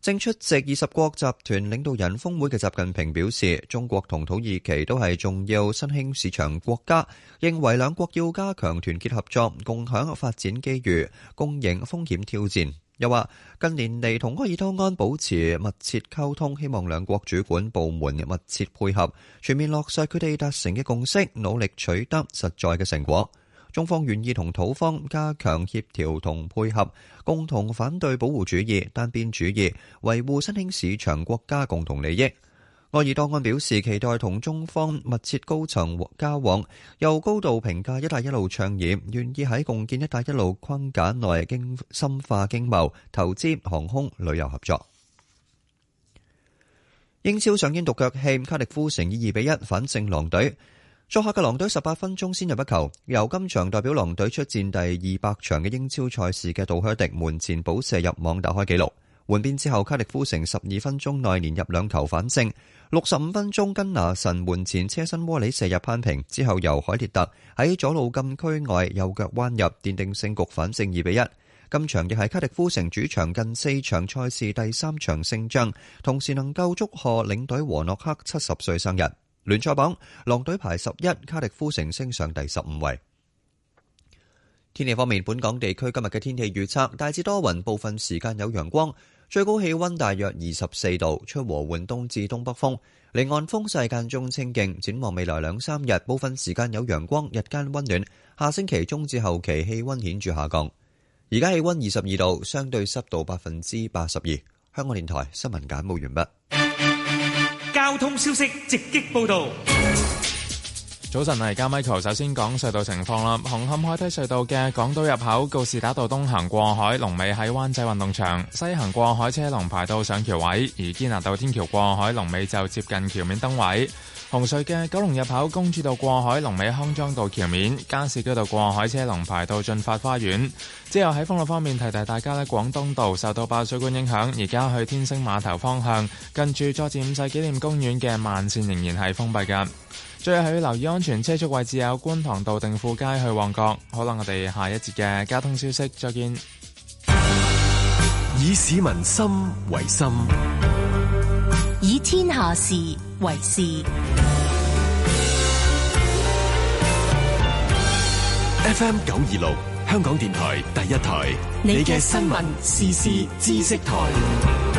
正出席二十國集團領導人峰會嘅習近平表示，中國同土耳其都係重要新興市場國家，認為兩國要加強團結合作，共享發展機遇，共迎風險挑戰。又話近年嚟同埃爾多安保持密切溝通，希望兩國主管部門密切配合，全面落實佢哋達成嘅共識，努力取得實在嘅成果。中方願意同土方加強協調同配合，共同反對保護主義、單邊主義，維護新興市場國家共同利益。埃爾多安表示期待同中方密切高層交往，又高度評價一帶一路倡議，願意喺共建一帶一路框架內經深化經貿投資航空旅遊合作。英超上演獨腳戲，卡迪夫城以作客嘅狼隊十八分鐘先入一球，由今場代表狼隊出戰第二百場嘅英超賽事嘅杜靴迪門前補射入網打開紀錄。換邊之後，卡迪夫城十二分鐘內連入兩球反勝，六十五分鐘根拿神門前車身窩裏射入攀平之後，由海列特喺左路禁區外右腳彎入奠定性局勝局反勝二比一。今場亦係卡迪夫城主場近四場賽事第三場勝仗，同時能夠祝賀領隊和諾克七十歲生日。聯賽榜，狼隊排十一，卡迪夫城升上第十五位。天氣方面，本港地區今日嘅天氣預測大致多雲，部分時間有陽光，最高氣温大約二十四度，吹和緩東至東北風。離岸風勢間中清勁。展望未來兩三日，部分時間有陽光，日間温暖。下星期中至後期氣温顯著下降。而家氣温二十二度，相對濕度百分之八十二。香港電台新聞簡報完畢。交通消息直擊報道。早晨，而家 Michael，首先講隧道情況啦。紅磡海底隧道嘅港島入口告士打道東行過海，龍尾喺灣仔運動場；西行過海車龍排到上橋位；而堅拿道天橋過海龍尾就接近橋面燈位。紅隧嘅九龍入口公主道過海，龍尾康莊道橋面，加士居道過海車龍排到駿發花園。之後喺封路方面提提大家呢，廣東道受到爆水管影響，而家去天星碼頭方向近住佐治五世紀念公園嘅慢綫仍然係封閉嘅。最後係要留意安全車速位置，有觀塘道定富街去旺角。好啦，我哋下一節嘅交通消息再見。以市民心為心。天下事為事，FM 九二六，香港電台第一台，你嘅新聞時事知識台。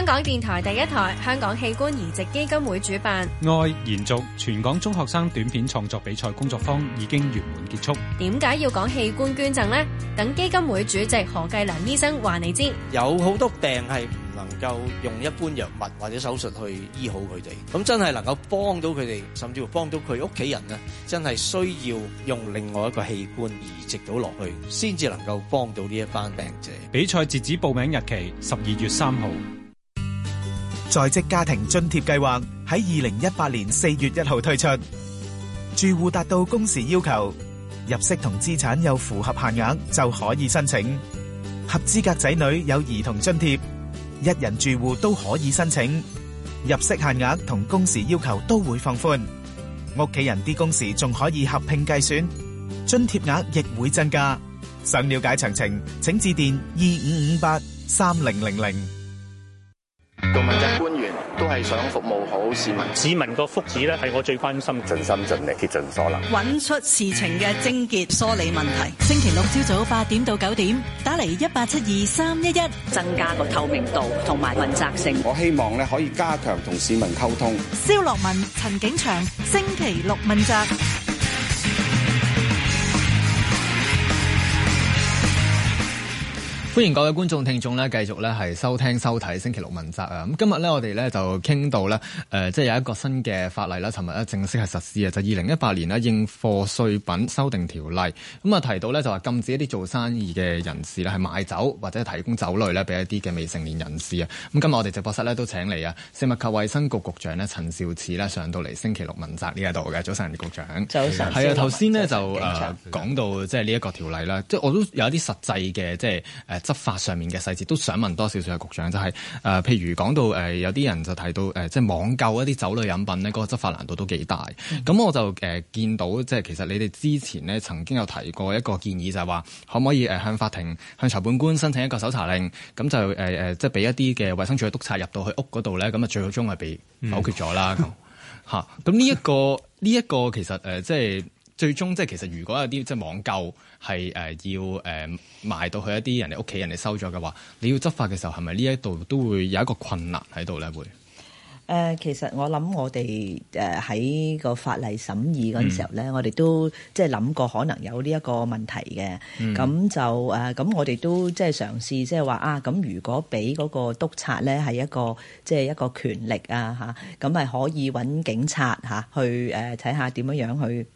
香港電臺第一台，香港器官移植基金會主辦《愛延續》全港中學生短片創作比賽工作坊已經圓滿結束。點解要講器官捐贈咧？等基金會主席何繼良醫生話你知。有好多病係唔能夠用一般藥物或者手術去醫好佢哋，咁真係能夠幫到佢哋，甚至乎幫到佢屋企人咧，真係需要用另外一個器官移植到落去，先至能夠幫到呢一班病者。比賽截止報名日期十二月三號。在職家庭津貼計劃喺二零一八年四月一號推出，住戶達到工時要求、入息同資產又符合限額就可以申請。合資格仔女有兒童津貼，一人住戶都可以申請。入息限額同工時要求都會放寬，屋企人啲工時仲可以合併計算，津貼額亦會增加。想了解詳情，請致電二五五八三零零零。做問責官員都係想服務好市民，市民個福祉咧係我最關心，盡心盡力竭盡所能，揾出事情嘅症結，梳理問題。星期六朝早八點到九點，打嚟一八七二三一一，增加個透明度同埋問責性。我希望咧可以加強同市民溝通。蕭洛汶、陳景祥，星期六問責。歡迎各位觀眾、聽眾呢繼續呢係收聽、收睇星期六問責啊！咁今日呢我哋呢就傾到呢誒、呃，即係有一個新嘅法例啦，尋日咧正式係實施嘅，就二零一八年呢《應貨稅品修訂條例》。咁啊，提到呢就話禁止一啲做生意嘅人士咧係賣酒或者提供酒類呢俾一啲嘅未成年人士啊！咁今日我哋直播室呢都請嚟啊食物及衛生局局長呢陳肇始呢上到嚟星期六問責呢一度嘅。早晨，局長。早晨。係啊，頭先呢就誒、呃、講到即係呢一個條例啦，即係我都有啲實際嘅，即係誒。呃執法上面嘅細節都想問多少少嘅局長，就係、是、誒、呃，譬如講到誒、呃，有啲人就提到誒，即係網購一啲酒類飲品咧，嗰、那個執法難度都幾大。咁、嗯、我就誒、呃、見到，即係其實你哋之前咧曾經有提過一個建議，就係、是、話可唔可以誒向法庭向裁判官申請一個搜查令，咁就誒誒、呃，即係俾一啲嘅衛生署嘅督察入到去屋嗰度咧，咁、嗯、 啊最終係被否決咗啦。咁咁呢一個呢一、這個其實誒，即、呃、係。就是最終即係其實，如果有啲即係網購係誒要誒賣到去一啲人哋屋企，人哋收咗嘅話，你要執法嘅時候，係咪呢一度都會有一個困難喺度咧？會、呃、誒，其實我諗我哋誒喺個法例審議嗰陣時候咧、嗯，我哋都即係諗過可能有呢一個問題嘅。咁、嗯、就誒咁，我哋都即係嘗試即係話啊。咁如果俾嗰個督察咧係一個即係、即係、一個權力啊嚇，咁係可以揾警察吓、啊、去誒睇下點樣樣去。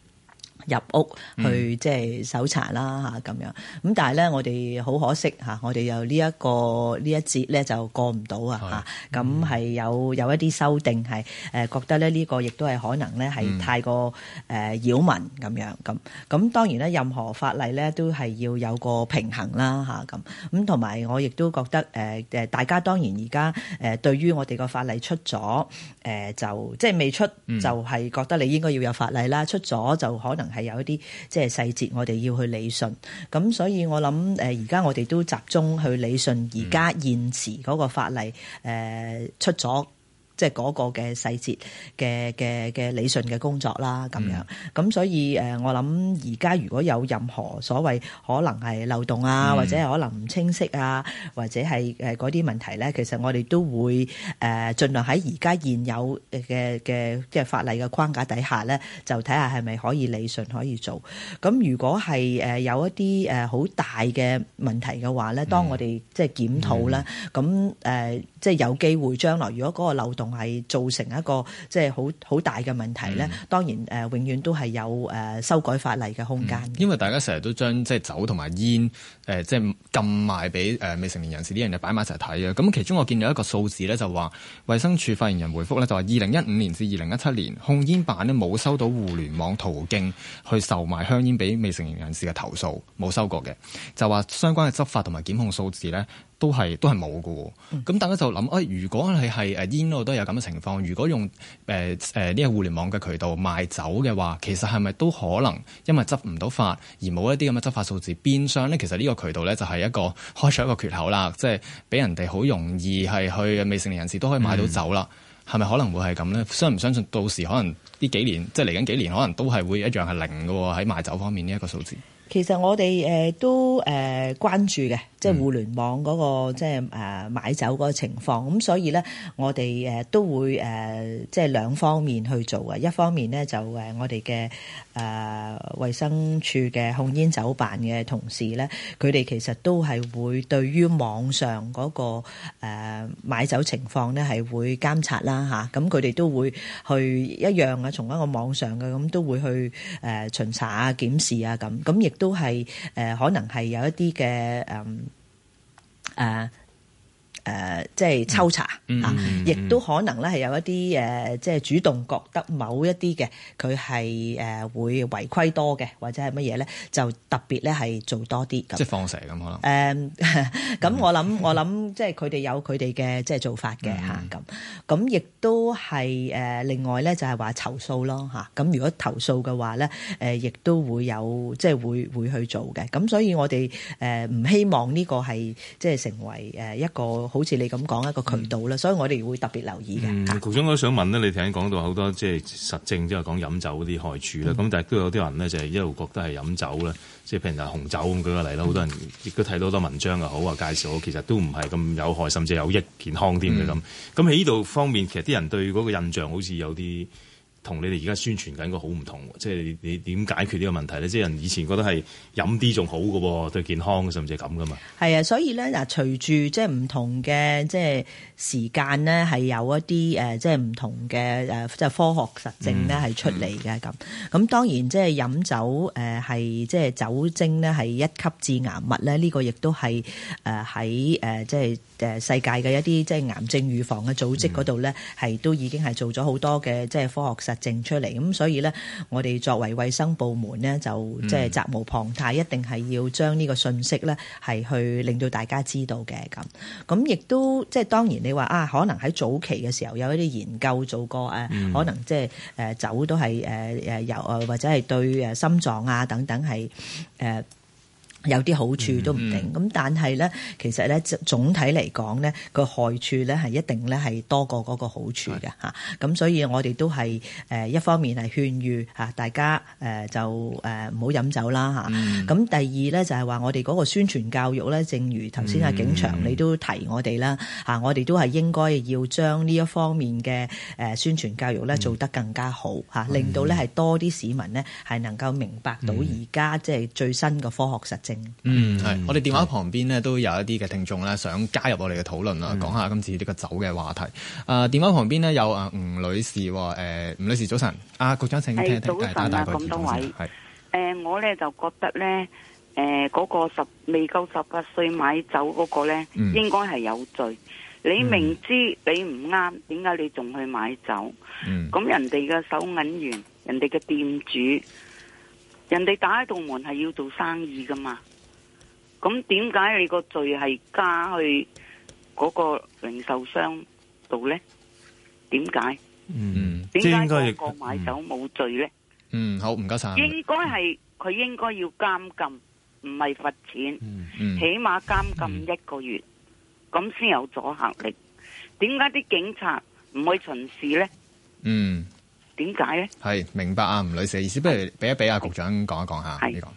入屋去即係搜查啦吓咁樣，咁但係咧我哋好可惜吓，我哋又呢一個呢一節咧就過唔到啊吓，咁係有有一啲修訂係誒覺得咧呢個亦都係可能咧係太過誒擾民咁樣，咁，咁當然咧任何法例咧都係要有個平衡啦吓，咁，咁同埋我亦都覺得誒誒大家當然而家誒對於我哋個法例出咗誒就即係未出就係覺得你應該要有法例啦，出咗就可能。係有一啲即係細節，我哋要去理順。咁所以，我諗誒而家我哋都集中去理順而家現時嗰個法例誒出咗。即係嗰個嘅細節嘅嘅嘅理順嘅工作啦，咁樣咁、mm. 所以誒我諗而家如果有任何所謂可能係漏洞啊，mm. 或者係可能唔清晰啊，或者係誒嗰啲問題咧，其實我哋都會誒盡量喺而家現有嘅嘅即係法例嘅框架底下咧，就睇下係咪可以理順可以做。咁如果係誒有一啲誒好大嘅問題嘅話咧，當我哋即係檢討啦，咁誒即係有機會將來如果嗰漏洞，係造成一個即係好好大嘅問題咧、嗯。當然、呃、永遠都係有誒、呃、修改法例嘅空間、嗯。因為大家成日都將即係酒同埋煙、呃、即係禁賣俾、呃、未成年人士，啲人，就擺埋一齊睇嘅。咁其中我見到一個數字咧，就話衞生署發言人回覆咧，就話二零一五年至二零一七年控煙辦咧冇收到互聯網途徑去售賣香煙俾未成年人士嘅投訴，冇收過嘅。就話相關嘅執法同埋檢控數字咧。都係都係冇喎。咁大家就諗、哎，如果你係誒煙嗰度都有咁嘅情況，如果用誒呢、呃呃這個互聯網嘅渠道賣酒嘅話，其實係咪都可能因為執唔到法而冇一啲咁嘅執法數字變相咧？其實呢個渠道咧就係一個開咗一個缺口啦，即係俾人哋好容易係去未成年人士都可以買到酒啦。係、嗯、咪可能會係咁咧？相唔相信到時可能呢幾年，即係嚟緊幾年，可能都係會一樣係零嘅喎喺賣酒方面呢一個數字。其實我哋誒、呃、都誒、呃、關注嘅，即係互聯網嗰即係誒買酒嗰情況，咁所以咧我哋誒都會誒、呃、即係兩方面去做嘅。一方面咧就誒我哋嘅誒衞生署嘅控煙酒辦嘅同事咧，佢哋其實都係會對於網上嗰、那、誒、個呃、買酒情況咧係會監察啦，吓，咁佢哋都會去一樣啊，從一個網上嘅咁都會去誒、呃、巡查啊、檢視啊咁，咁亦都。都係誒、呃，可能係有一啲嘅誒誒。嗯啊誒、呃，即係抽查、嗯、啊！亦、嗯、都、嗯嗯、可能咧，係有一啲誒、呃，即係主動覺得某一啲嘅佢係誒會違規多嘅，或者係乜嘢咧，就特別咧係做多啲。即係放蛇咁可能。誒、嗯，咁、嗯、 我諗我諗，即係佢哋有佢哋嘅即係做法嘅嚇咁。咁、嗯、亦、啊、都係誒、呃，另外咧就係話投訴咯嚇。咁如果投訴嘅話咧，亦、呃、都會有即係會會去做嘅。咁所以我哋誒唔希望呢個係即係成為誒一個。好似你咁講一個渠道啦，所以我哋會特別留意嘅。其、嗯、中我想問呢，你頭先講到好多即係實證，即係講飲酒嗰啲害處啦，咁、嗯、但係都有啲人呢，就係一路覺得係飲酒啦，即係譬如話紅酒咁舉個例啦，好多人亦都睇到好多文章又好話介紹，其實都唔係咁有害，甚至有益健康啲嘅咁。咁喺呢度方面，其實啲人對嗰個印象好似有啲。同你哋而家宣傳緊個好唔同，即係你點解決呢個問題咧？即係人以前覺得係飲啲仲好嘅喎，對健康甚至係咁㗎嘛。係啊，所以咧嗱，隨住即係唔同嘅即係。時間呢係有一啲、呃、即係唔同嘅、呃、即係科學實證咧係出嚟嘅咁。咁、嗯、當然即係飲酒係、呃、即係酒精呢係一級致癌物咧。呢、呢個亦都係喺即係世界嘅一啲即係癌症預防嘅組織嗰度呢，係、嗯、都已經係做咗好多嘅即係科學實證出嚟。咁所以呢，我哋作為衛生部門呢，就即係責無旁貸，一定係要將呢個信息呢係去令到大家知道嘅咁。咁亦都即係當然。你話啊，可能喺早期嘅時候有一啲研究做過啊，嗯，可能即係誒酒都係誒誒有誒，或者係對心臟啊等等係誒。呃有啲好處都唔定，咁、嗯嗯、但係咧，其實咧總體嚟講咧，個害處咧係一定咧係多過嗰個好處嘅吓咁所以我哋都係誒一方面係勸喻吓大家誒、呃、就誒唔好飲酒啦吓咁、嗯啊、第二咧就係、是、話我哋嗰個宣傳教育咧，正如頭先阿景祥你都提我哋啦吓我哋都係應該要將呢一方面嘅誒宣傳教育咧做得更加好吓、嗯啊、令到咧係多啲市民咧係能夠明白到而家即係最新嘅科學實證。嗯，係，我哋電話旁邊咧都有一啲嘅聽眾咧，想加入我哋嘅討論啦，講下今次呢個酒嘅話題。啊、嗯呃，電話旁邊咧有啊吳女士，誒、呃，吳女士早晨，啊局長，請聽聽。早晨啊，咁多位，誒、呃，我咧就覺得咧，誒，嗰個十未夠十八歲買酒嗰個咧、嗯，應該係有罪。你明知你唔啱，點解你仲去買酒？咁、嗯、人哋嘅收銀員，人哋嘅店主。人哋打開道門係要做生意噶嘛？咁點解你個罪係加去嗰個零售商度呢？點解？嗯，點解個個買酒冇罪呢？嗯，好，唔該晒。應該係佢應該要監禁，唔係罰錢，嗯嗯嗯、起碼監禁一個月，咁、嗯、先有阻嚇力。點解啲警察唔去巡視呢？嗯。點解咧？係明白啊，吳女士意思，不如俾一俾阿局長講一講吓呢個。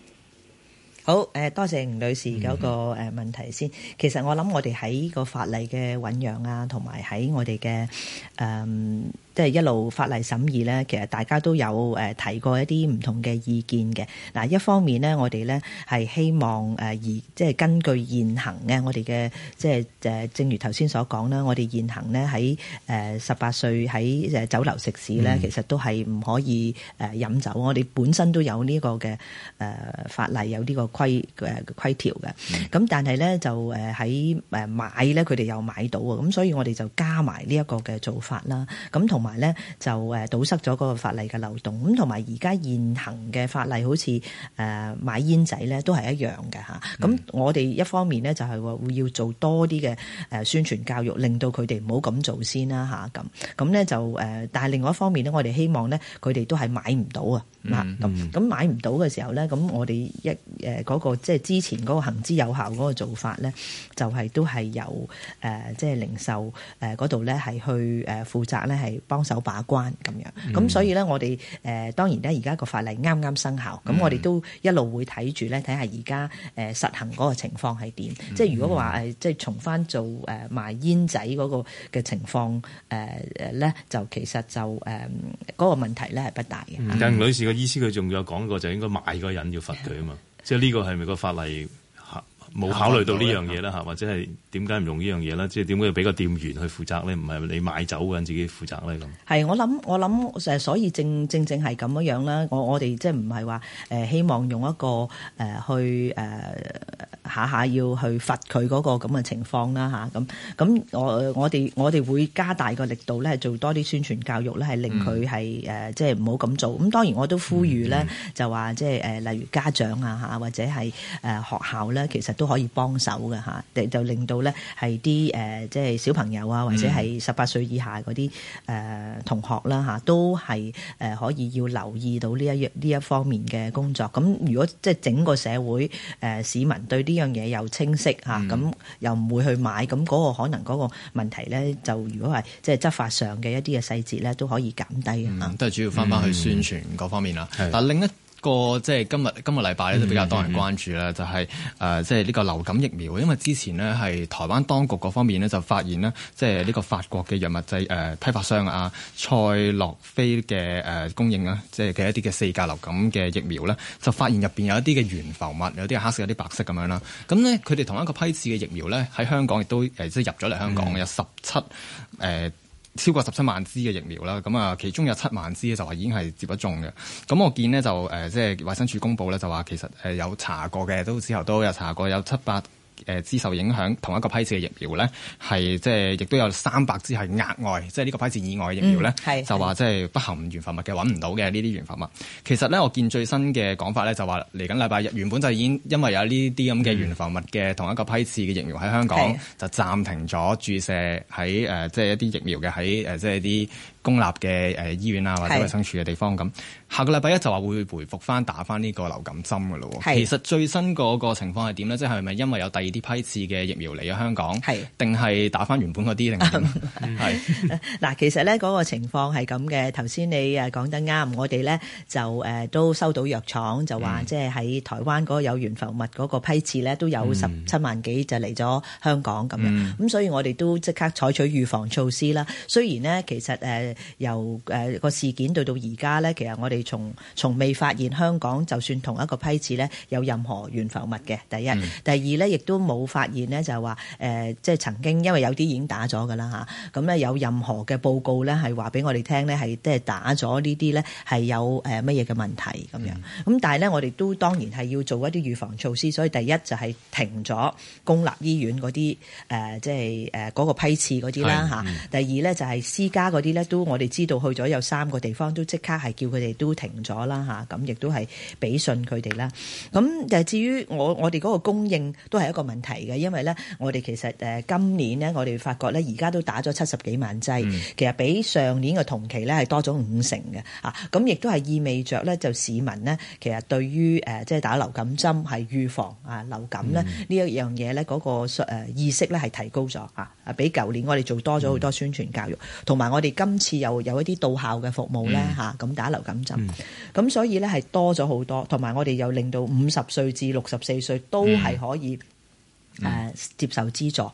好，誒，多謝吳女士嗰個誒問題先、嗯。其實我諗我哋喺個法例嘅醞釀啊，同埋喺我哋嘅誒。嗯即係一路法例審議咧，其實大家都有誒提過一啲唔同嘅意見嘅。嗱，一方面咧，我哋咧係希望誒而即係根據現行嘅我哋嘅即係誒，正如頭先所講啦，我哋現行咧喺誒十八歲喺誒酒樓食肆咧、嗯，其實都係唔可以誒飲酒。我哋本身都有呢個嘅誒法例有呢個規誒規條嘅。咁、嗯、但係咧就誒喺誒買咧，佢哋又買到啊！咁所以我哋就加埋呢一個嘅做法啦。咁同埋。埋咧就誒堵塞咗嗰個法例嘅漏洞，咁同埋而家現行嘅法例好似買煙仔咧都係一樣嘅吓。咁我哋一方面咧就係話會要做多啲嘅宣傳教育，令到佢哋唔好咁做先啦吓。咁咁咧就誒但係另外一方面咧，我哋希望咧佢哋都係買唔到啊。咁咁買唔到嘅時候咧，咁我哋一誒嗰個即係之前嗰個行之有效嗰個做法咧，就係、是、都係由即係、呃就是、零售誒嗰度咧係去誒負責呢。咧係幫手把關咁樣，咁、嗯、所以咧，我哋誒、呃，當然咧，而家個法例啱啱生效，咁、嗯、我哋都一路會睇住咧，睇下而家誒實行嗰個情況係點。即係如果話誒，即係重翻做誒、呃、賣煙仔嗰個嘅情況誒誒咧，就其實就誒嗰、呃那個問題咧係不大嘅。鄭、嗯、女士嘅意思，佢仲有講過，就應該賣個人要罰佢啊嘛，嗯、即係呢個係咪個法例？冇考慮到呢樣嘢啦嚇，或者係點解唔用呢樣嘢啦？即係點解要俾個店員去負責咧？唔係你買走嘅人自己負責咧咁。係我諗，我諗誒，所以正正正係咁樣樣啦。我我哋即係唔係話誒，希望用一個誒、呃、去誒。呃下下要去罰佢嗰個咁嘅情況啦吓，咁咁我我哋我哋會加大個力度咧，做多啲宣傳教育咧，係令佢係誒即係唔好咁做。咁當然我都呼籲咧，就話即係誒例如家長啊吓，或者係誒學校咧，其實都可以幫手嘅吓，定就令到咧係啲誒即係小朋友啊，或者係十八歲以下嗰啲誒同學啦吓都係誒可以要留意到呢一樣呢一方面嘅工作。咁如果即係整個社會誒市民對啲呢樣嘢又清晰吓，咁、嗯、又唔會去買。咁、那、嗰個可能嗰個問題咧，就如果係即係執法上嘅一啲嘅細節咧，都可以減低啊、嗯。都係主要翻翻去宣傳嗰、嗯、方面啦。但另一個即係今日今日禮拜咧都比較多人關注啦，就係誒即係呢個流感疫苗，因為之前呢，係台灣當局各方面呢、就是就是，就發現呢，即係呢個法國嘅藥物製誒批發商啊，賽諾菲嘅供應啦，即係嘅一啲嘅四價流感嘅疫苗呢，就發現入面有一啲嘅懸浮物，有啲黑色，有啲白色咁樣啦。咁呢，佢哋同一個批次嘅疫苗咧喺香港亦都即係入咗嚟香港有十七誒。超過十七萬支嘅疫苗啦，咁啊，其中有七萬支就話已經係接一針嘅。咁我見呢，就誒，即係衞生署公佈，咧就話其實係有查過嘅，都之後都有查過，有七百。誒、呃，支受影響同一個批次嘅疫苗咧，係即係亦都有三百支係額外，即係呢個批次以外嘅疫苗咧，嗯，就話即係不含原發物嘅，搵唔到嘅呢啲原發物。其實咧，我見最新嘅講法咧，就話嚟緊禮拜日原本就已經因為有呢啲咁嘅原發物嘅同一個批次嘅疫苗喺香港，嗯、就暫停咗注射喺誒，即、呃、係、就是、一啲疫苗嘅喺誒，即係啲公立嘅誒、呃、醫院啊或者衞生署嘅地方咁。下個禮拜一就話會回復翻打翻呢個流感針嘅咯喎，其實最新嗰 個情況係點呢？即係係咪因為有第二啲批次嘅疫苗嚟咗香港，定係打翻原本嗰啲定係？嗱，其實咧嗰個情況係咁嘅。頭先你誒講得啱，我哋咧就誒、呃、都收到藥廠就話，嗯、即係喺台灣嗰個有懸浮物嗰個批次咧都有十七萬幾就嚟咗香港咁樣。咁、嗯、所以我哋都即刻採取預防措施啦。雖然呢，其實誒、呃、由誒個、呃、事件對到而家咧，其實我哋係從，從未發現香港就算同一個批次咧有任何懸浮物嘅，第一。嗯、第二咧，亦都冇發現咧，就係話誒，即係曾經因為有啲已經打咗㗎喇吓，咁、啊、咧有任何嘅報告咧，係話俾我哋聽咧，係即係打咗呢啲咧係有誒乜嘢嘅問題咁樣。咁、嗯、但係咧，我哋都當然係要做一啲預防措施，所以第一就係停咗公立醫院嗰啲誒，即係誒嗰個批次嗰啲啦吓，第二咧就係、是、私家嗰啲咧，都我哋知道去咗有三個地方都即刻係叫佢哋都。都停咗啦吓，咁亦都係俾信佢哋啦。咁誒至於我我哋嗰個供應都係一個問題嘅，因為咧我哋其實誒今年咧我哋發覺咧而家都打咗七十幾萬劑，嗯、其實比上年嘅同期咧係多咗五成嘅嚇。咁亦都係意味着咧就市民咧其實對於誒即係打流感針係預防啊流感咧呢一樣嘢咧嗰個誒意識咧係提高咗嚇。啊，比舊年我哋做多咗好多宣傳教育，同埋我哋今次又有一啲到校嘅服務咧吓，咁、嗯、打流感針。咁、嗯、所以呢係多咗好多，同埋我哋又令到五十歲至六十四歲都係可以誒、嗯嗯啊、接受資助。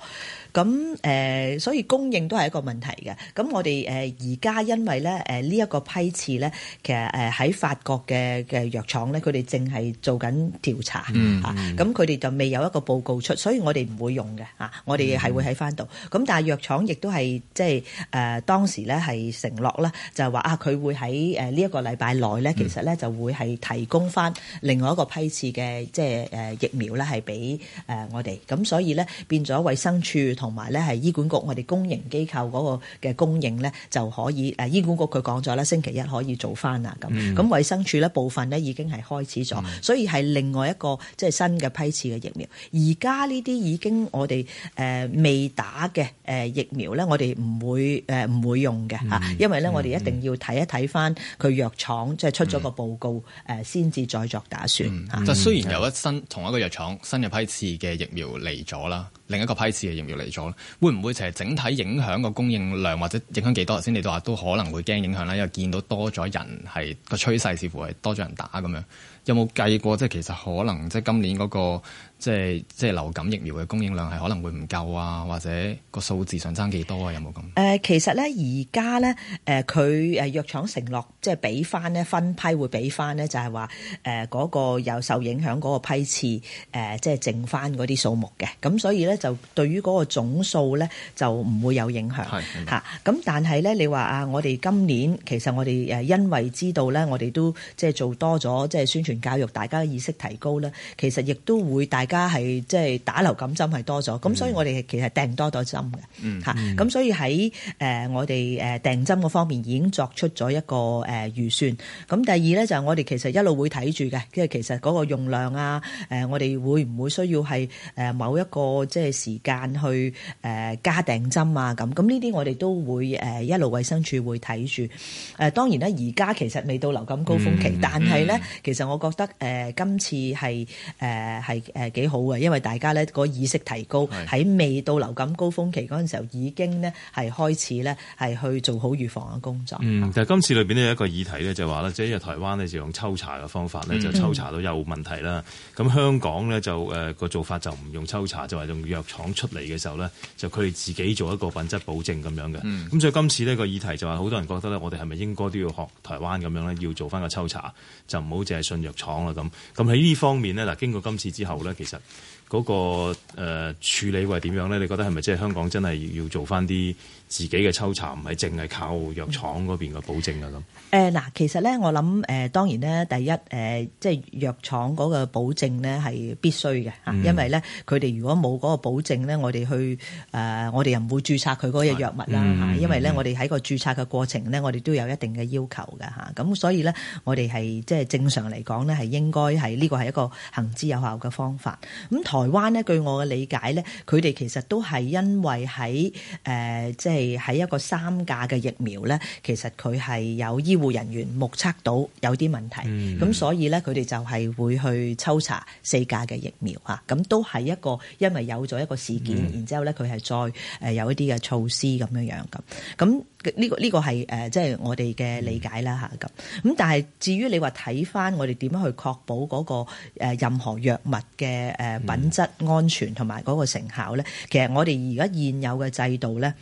咁、嗯、誒，所以供應都係一個問題嘅。咁我哋誒而家因為咧誒呢一個批次咧，其實誒喺法國嘅嘅藥廠咧，佢哋正係做緊調查嚇，咁佢哋就未有一個報告出，所以我哋唔會用嘅。我哋係會喺翻度。咁、嗯、但係藥廠亦都係，即係誒、呃、當時咧係承諾啦，就話啊，佢會喺呢一個禮拜內咧，其實咧就會係提供翻另外一個批次嘅即係誒疫苗咧，係俾我哋。咁所以咧變咗衛生署。同埋咧，係醫管局我哋公營機構嗰個嘅供應咧，就可以誒，醫管局佢講咗啦，星期一可以做翻啦，咁咁衛生署咧部分咧已經係開始咗、嗯，所以係另外一個即係、就是、新嘅批次嘅疫苗。而家呢啲已經我哋誒未打嘅誒疫苗咧，我哋唔會誒唔、呃、會用嘅吓、嗯，因為咧我哋一定要睇一睇翻佢藥廠即係出咗個報告誒，先、嗯、至再作打算。就、嗯嗯、雖然有一新同一個藥廠新嘅批次嘅疫苗嚟咗啦。另一個批次嘅疫苗嚟咗，會唔會淨係整體影響個供應量，或者影響幾多？頭先你都話都可能會驚影響啦，因為見到多咗人係個趨勢，似乎係多咗人打咁樣。有冇計過？即係其實可能，即係今年嗰、嗰個即係即係流感疫苗嘅供應量係可能會唔夠啊，或者個數字上爭幾多啊？有冇咁？誒、呃，其實咧而家咧誒，佢誒、呃呃、藥廠承諾即係俾翻咧分批會俾翻咧，就係話誒嗰個有受影響嗰個批次誒、呃，即係剩翻嗰啲數目嘅。咁所以咧就對於嗰個總數咧就唔會有影響。係咁、啊、但係咧，你話啊，我哋今年其實我哋誒因為知道咧，我哋都即係做多咗即係宣傳。教育大家嘅意識提高咧，其實亦都會大家係即係打流感針係多咗，咁、嗯、所以我哋其實訂多咗針嘅，嚇、嗯、咁、嗯啊、所以喺誒、呃、我哋誒訂針嗰方面已經作出咗一個誒預、呃、算。咁第二咧就係、是、我哋其實一路會睇住嘅，即係其實嗰個用量啊，誒、呃、我哋會唔會需要係誒、呃、某一個即係時間去誒、呃、加訂針啊咁？咁呢啲我哋都會誒、呃、一路衞生署會睇住。誒、呃、當然咧，而家其實未到流感高峰期，嗯嗯、但係咧、嗯、其實我，覺得誒、呃、今次係誒係誒幾好嘅，因為大家咧、個意識提高，喺未到流感高峰期嗰陣時候已經呢係開始咧係去做好預防嘅工作。嗯，但係今次裏邊呢有一個議題咧就話咧，即係因為台灣呢就用抽查嘅方法咧，就抽查到有問題啦。咁、嗯、香港呢就誒個、呃、做法就唔用抽查，就係、是、用藥廠出嚟嘅時候呢，就佢哋自己做一個品質保證咁樣嘅。咁、嗯、所以今次呢個議題就話好多人覺得呢，我哋係咪應該都要學台灣咁樣呢？要做翻個抽查，就唔好淨係信用廠啦咁，咁喺呢方面呢，嗱，經過今次之後呢，其實嗰、那個誒、呃、處理會係點樣呢？你覺得係咪即係香港真係要做翻啲自己嘅抽查，唔係淨係靠藥廠嗰邊嘅保證啊咁？誒、嗯、嗱、呃，其實呢，我諗誒、呃、當然呢，第一誒即係藥廠嗰個保證呢係必須嘅嚇，因為呢，佢哋如果冇嗰個保證呢，我哋去誒、呃、我哋又唔會註冊佢嗰隻藥物啦、嗯、因為呢，嗯、我哋喺個註冊嘅過程呢，我哋都有一定嘅要求嘅嚇，咁所以呢，我哋係即係正常嚟講。咧係應該係呢個係一個行之有效嘅方法。咁台灣咧，據我嘅理解咧，佢哋其實都係因為喺誒，即係喺一個三價嘅疫苗咧，其實佢係有醫護人員目測到有啲問題，咁、嗯、所以呢，佢哋就係會去抽查四價嘅疫苗嚇，咁都係一個因為有咗一個事件，嗯、然之後呢，佢係再誒有一啲嘅措施咁樣樣咁。咁、嗯呢、這個呢、這個係誒，即、呃、係、就是、我哋嘅理解啦嚇咁。咁、嗯、但係至於你話睇返我哋點樣去確保嗰、那個、呃、任何藥物嘅誒、呃、品質安全同埋嗰個成效咧、嗯，其實我哋而家現有嘅制度咧，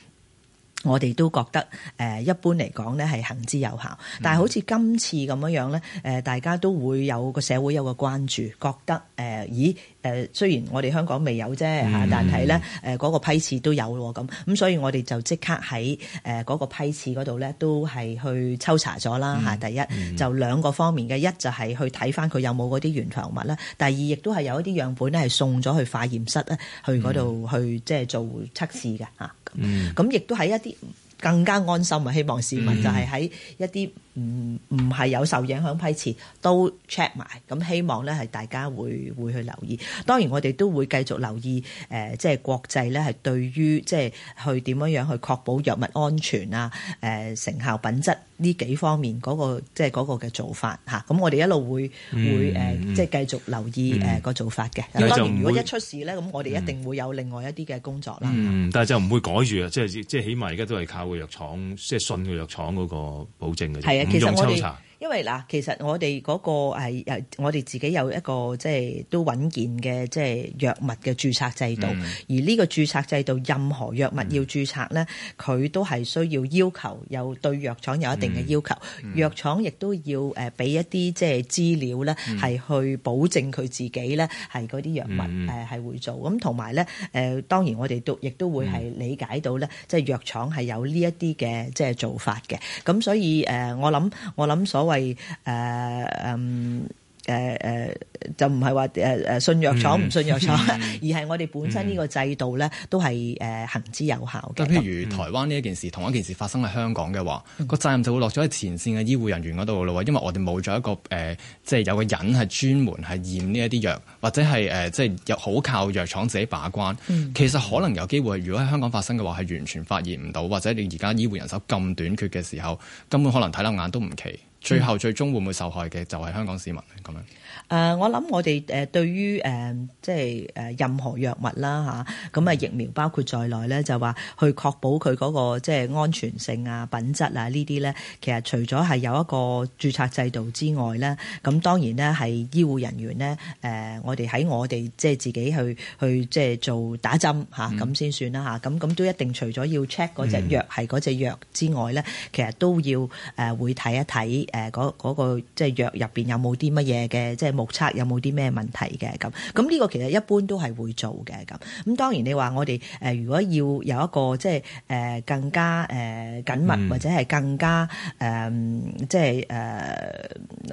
我哋都覺得誒、呃、一般嚟講咧係行之有效。但係好似今次咁樣樣咧，誒、呃、大家都會有個社會有個關注，覺得誒、呃，咦？誒雖然我哋香港未有啫、嗯、但係咧誒嗰個批次都有喎咁，咁所以我哋就即刻喺誒嗰個批次嗰度咧，都係去抽查咗啦、嗯嗯、第一就兩個方面嘅，一就係去睇返佢有冇嗰啲原強物啦，第二亦都係有一啲樣本咧係送咗去化驗室啊，去嗰度去即係做測試嘅咁咁亦都喺一啲。更加安心啊！希望市民就係喺一啲唔唔係有受影響批次都 check 埋，咁希望咧係大家會會去留意。當然我哋都會繼續留意，誒、呃、即係國際咧係對於即係去點樣樣去確保藥物安全啊，誒、呃、成效品質。呢幾方面嗰個即係嗰個嘅做法嚇，咁我哋一路會、嗯、會誒即係繼續留意誒個做法嘅、嗯。當然，如果一出事咧，咁、嗯、我哋一定會有另外一啲嘅工作啦。嗯，但係就唔會改住啊，即係即係起碼而家都係靠個藥廠，即係信個藥廠嗰個保證嘅。係啊，其實因為嗱，其實我哋嗰個誒我哋自己有一個即係都穩健嘅即係藥物嘅註冊制度。嗯、而呢個註冊制度，任何藥物要註冊咧，佢、嗯、都係需要要求有對藥廠有一定嘅要求。嗯嗯、藥廠亦都要誒俾一啲即係資料咧，係去保證佢自己咧係嗰啲藥物係會做。咁同埋咧誒，當然我哋都亦都會係理解到咧，即、就、係、是、藥廠係有呢一啲嘅即係做法嘅。咁所以誒、呃，我諗我諗所。係、呃、誒，誒、呃，誒、呃呃，就唔係話誒，誒、呃，信藥廠唔信藥廠、嗯，而係我哋本身呢個制度咧、嗯，都係誒、呃、行之有效嘅。譬如台灣呢一件事、嗯，同一件事發生喺香港嘅話，嗯，個責任就會落咗喺前線嘅醫護人員嗰度噶咯。因為我哋冇咗一個誒，即、呃、係、就是、有個人係專門係驗呢一啲藥，或者係誒，即係有好靠藥廠自己把關、嗯。其實可能有機會，如果喺香港發生嘅話，係完全發現唔到，或者你而家醫護人手咁短缺嘅時候，根本可能睇漏眼都唔奇。最後最終會唔會受害嘅就係香港市民咁樣。誒，我諗我哋誒對於誒誒即係任何藥物啦嚇，咁啊疫苗包括在內咧，就話去確保佢嗰個即係安全性啊、品質啊呢啲咧，其實除咗係有一個註冊制度之外咧，咁當然咧係醫護人員咧誒，我哋喺我哋即係自己去去即係做打針嚇咁先、嗯、算啦嚇，咁咁都一定除咗要 check 嗰隻藥係嗰隻藥之外咧、嗯，其實都要誒會睇一睇誒嗰個即係藥入邊有冇啲乜嘢嘅即係。目測有冇啲咩問題嘅咁，咁、這、呢個其實一般都係會做嘅咁。咁當然你話我哋誒，如果要有一個即係誒更加誒、呃、緊密或者係更加誒、呃、即係誒、呃、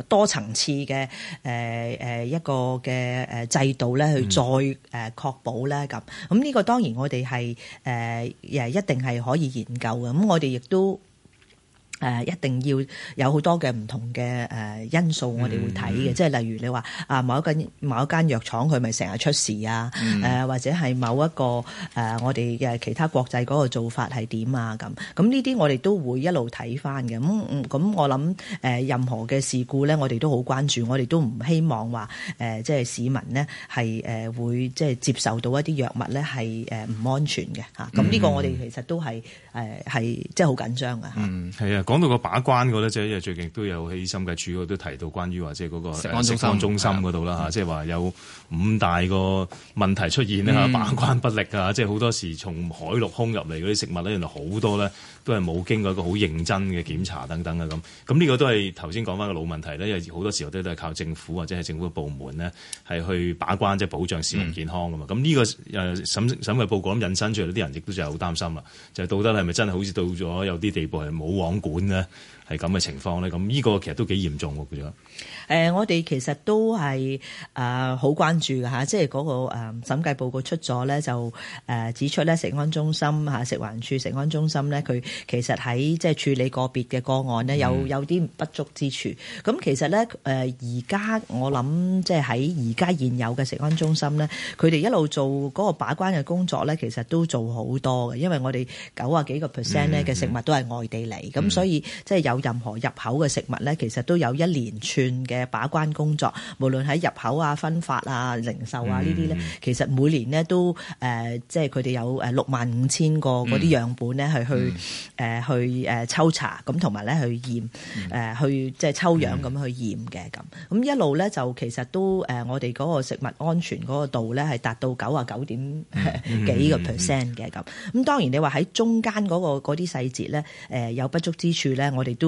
多層次嘅誒誒一個嘅誒制度咧，去再誒確保咧咁。咁、嗯、呢、這個當然我哋係誒誒一定係可以研究嘅。咁我哋亦都。誒、呃、一定要有好多嘅唔同嘅誒因素我，我哋會睇嘅，即係例如你話啊某一間某一間藥廠佢咪成日出事啊，mm-hmm. 呃、或者係某一個誒、呃、我哋嘅其他國際嗰個做法係點啊？咁咁呢啲我哋都會一路睇翻嘅，咁咁我諗誒、呃、任何嘅事故咧，我哋都好關注，我哋都唔希望話，誒、呃、即係市民咧係會即係接受到一啲藥物咧係唔安全嘅嚇，咁、mm-hmm. 呢個我哋其實都係誒、呃、係即係好緊張嘅嚇。係啊、mm-hmm. 嗯。講到個把關個咧，即係最近亦都有喺醫生嘅處嗰度都提到關於話、那個，即係嗰個食安中心嗰度啦嚇，即係話有，五大個問題出現呢，把關不力啊！即係好多時從海陸空入嚟嗰啲食物咧，原來好多咧都係冇經過一個好認真嘅檢查等等啊！咁咁呢個都係頭先講翻個老問題咧，有好多時候都係靠政府或者係政府嘅部門咧係去把關，即係保障市民健康噶嘛。咁、嗯、呢個誒審審核報告咁引申出嚟，啲人亦都就係好擔心啦，就係、是、到底係咪真係好似到咗有啲地步係冇網管呢？係咁嘅情況咧，咁呢個、呃、其實都幾嚴重喎。咁、呃、誒，我哋其實都係啊好關注㗎。即係嗰個誒、呃、審計報告出咗咧，就誒、呃、指出咧食安中心、啊、食環署食安中心咧，佢其實喺即係處理個別嘅個案咧，有有啲不足之處。咁、嗯、其實咧誒，而、呃、家我諗即係喺而家現有嘅食安中心咧，佢哋一路做嗰個把關嘅工作咧，其實都做好多嘅，因為我哋九十幾個 percent 咧嘅食物都係外地嚟，咁、嗯嗯、所以即係、就是、有。任何入口嘅食物咧，其實都有一連串嘅把關工作，無論喺入口啊、分發啊、零售啊呢啲咧，其實每年咧都誒、呃，即係佢哋有誒六萬五千個嗰啲樣本咧，係、嗯呃、去誒、呃、去誒、呃、抽查，咁同埋咧去驗誒去即係抽樣咁去驗嘅咁。咁、嗯、一路咧就其實都誒、呃，我哋嗰個食物安全嗰個度咧係達到九啊九點幾個 percent 嘅咁。咁當然你話喺中間嗰、嗰個嗰啲細節咧，誒、呃、有不足之處咧，我哋都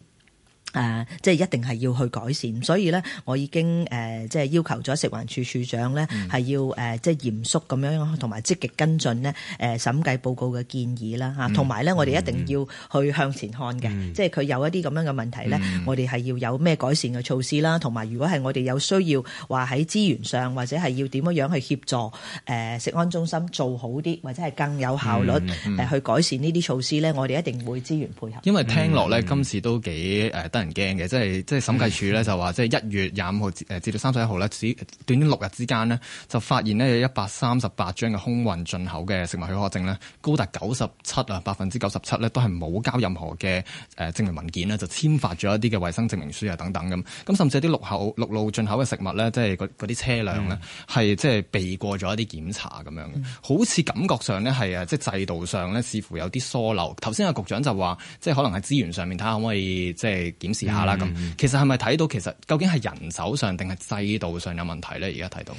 誒、呃，即係一定係要去改善，所以咧，我已經誒、呃，即係要求咗食環署署長咧，係、嗯、要誒、呃，即係嚴肅咁樣，同埋積極跟進呢誒、呃、審計報告嘅建議啦嚇，同埋咧，我哋一定要去向前看嘅、嗯，即係佢有一啲咁樣嘅問題咧、嗯，我哋係要有咩改善嘅措施啦，同埋如果係我哋有需要話喺資源上或者係要點樣樣去協助誒、呃、食安中心做好啲或者係更有效率、嗯嗯、去改善呢啲措施咧，我哋一定會資源配合。因為聽落咧、嗯，今次都幾誒、uh, 人驚嘅，即係即係審計署咧就話，即係一月廿五號至到三十一號呢，短短六日之間呢，就發現呢有一百三十八張嘅空運進口嘅食物許可證呢，高達九十七啊，百分之九十七呢都係冇交任何嘅誒證明文件呢，就簽發咗一啲嘅衛生證明書啊等等咁，咁甚至係啲陸口陸路進口嘅食物呢，即係嗰啲車輛呢，係即係避過咗一啲檢查咁樣、嗯、好似感覺上呢，係啊即係制度上呢，似乎有啲疏漏。頭先阿局長就話，即係可能喺資源上面睇下可唔可以即係試下啦咁，其實係咪睇到其實究竟係人手上定係制度上有問題咧？而家睇到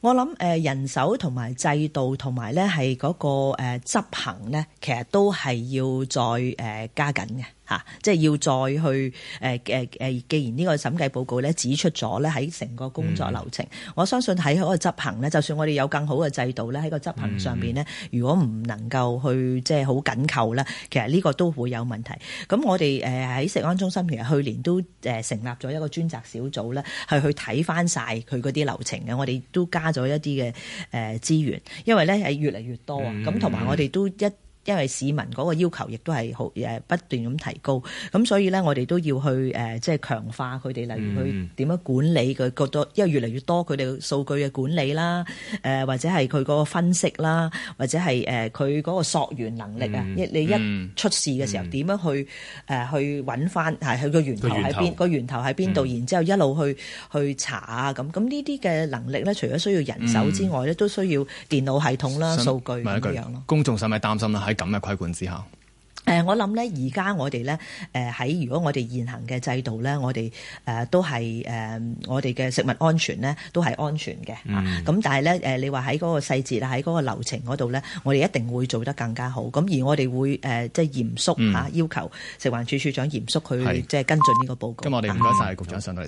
我想，我諗誒，人手同埋制度同埋咧係嗰個誒執、呃、行咧，其實都係要再誒、呃、加緊嘅。嚇！即係要再去誒誒誒，既然呢個審計報告咧指出咗咧，喺成個工作流程，嗯、我相信喺嗰個執行咧，就算我哋有更好嘅制度咧，喺個執行上邊咧、嗯，如果唔能夠去即係好緊扣啦，其實呢個都會有問題。咁我哋誒喺食安中心，其實去年都誒成立咗一個專責小組咧，係去睇翻晒佢嗰啲流程嘅。我哋都加咗一啲嘅誒資源，因為咧係越嚟越多啊。咁同埋我哋都一。因為市民嗰個要求亦都係好誒不斷咁提高，咁所以咧我哋都要去誒即係強化佢哋，例如去點樣管理佢嗰多，因為越嚟越多佢哋數據嘅管理啦，誒或者係佢個分析啦，或者係誒佢嗰個溯源能力啊、嗯，你一出事嘅時候點、嗯、樣去誒去揾翻係佢個源頭喺邊，個源頭喺邊度，然之後一路去、嗯、去查啊咁，咁呢啲嘅能力咧，除咗需要人手之外咧，都需要電腦系統啦、嗯、數據咁樣咯。公眾使唔使擔心啦？.咁嘅規管之下，誒、呃、我諗咧，而家我哋咧，誒、呃、喺如果我哋現行嘅制度咧，我哋誒、呃、都係誒、呃、我哋嘅食物安全咧都係安全嘅嚇。咁、嗯啊、但係咧誒，你話喺嗰個細節啊，喺嗰個流程嗰度咧，我哋一定會做得更加好。咁而我哋會誒即係嚴肅嚇、啊、要求食環署署長嚴肅去即係跟進呢個報告。咁、嗯、我哋唔該曬局長。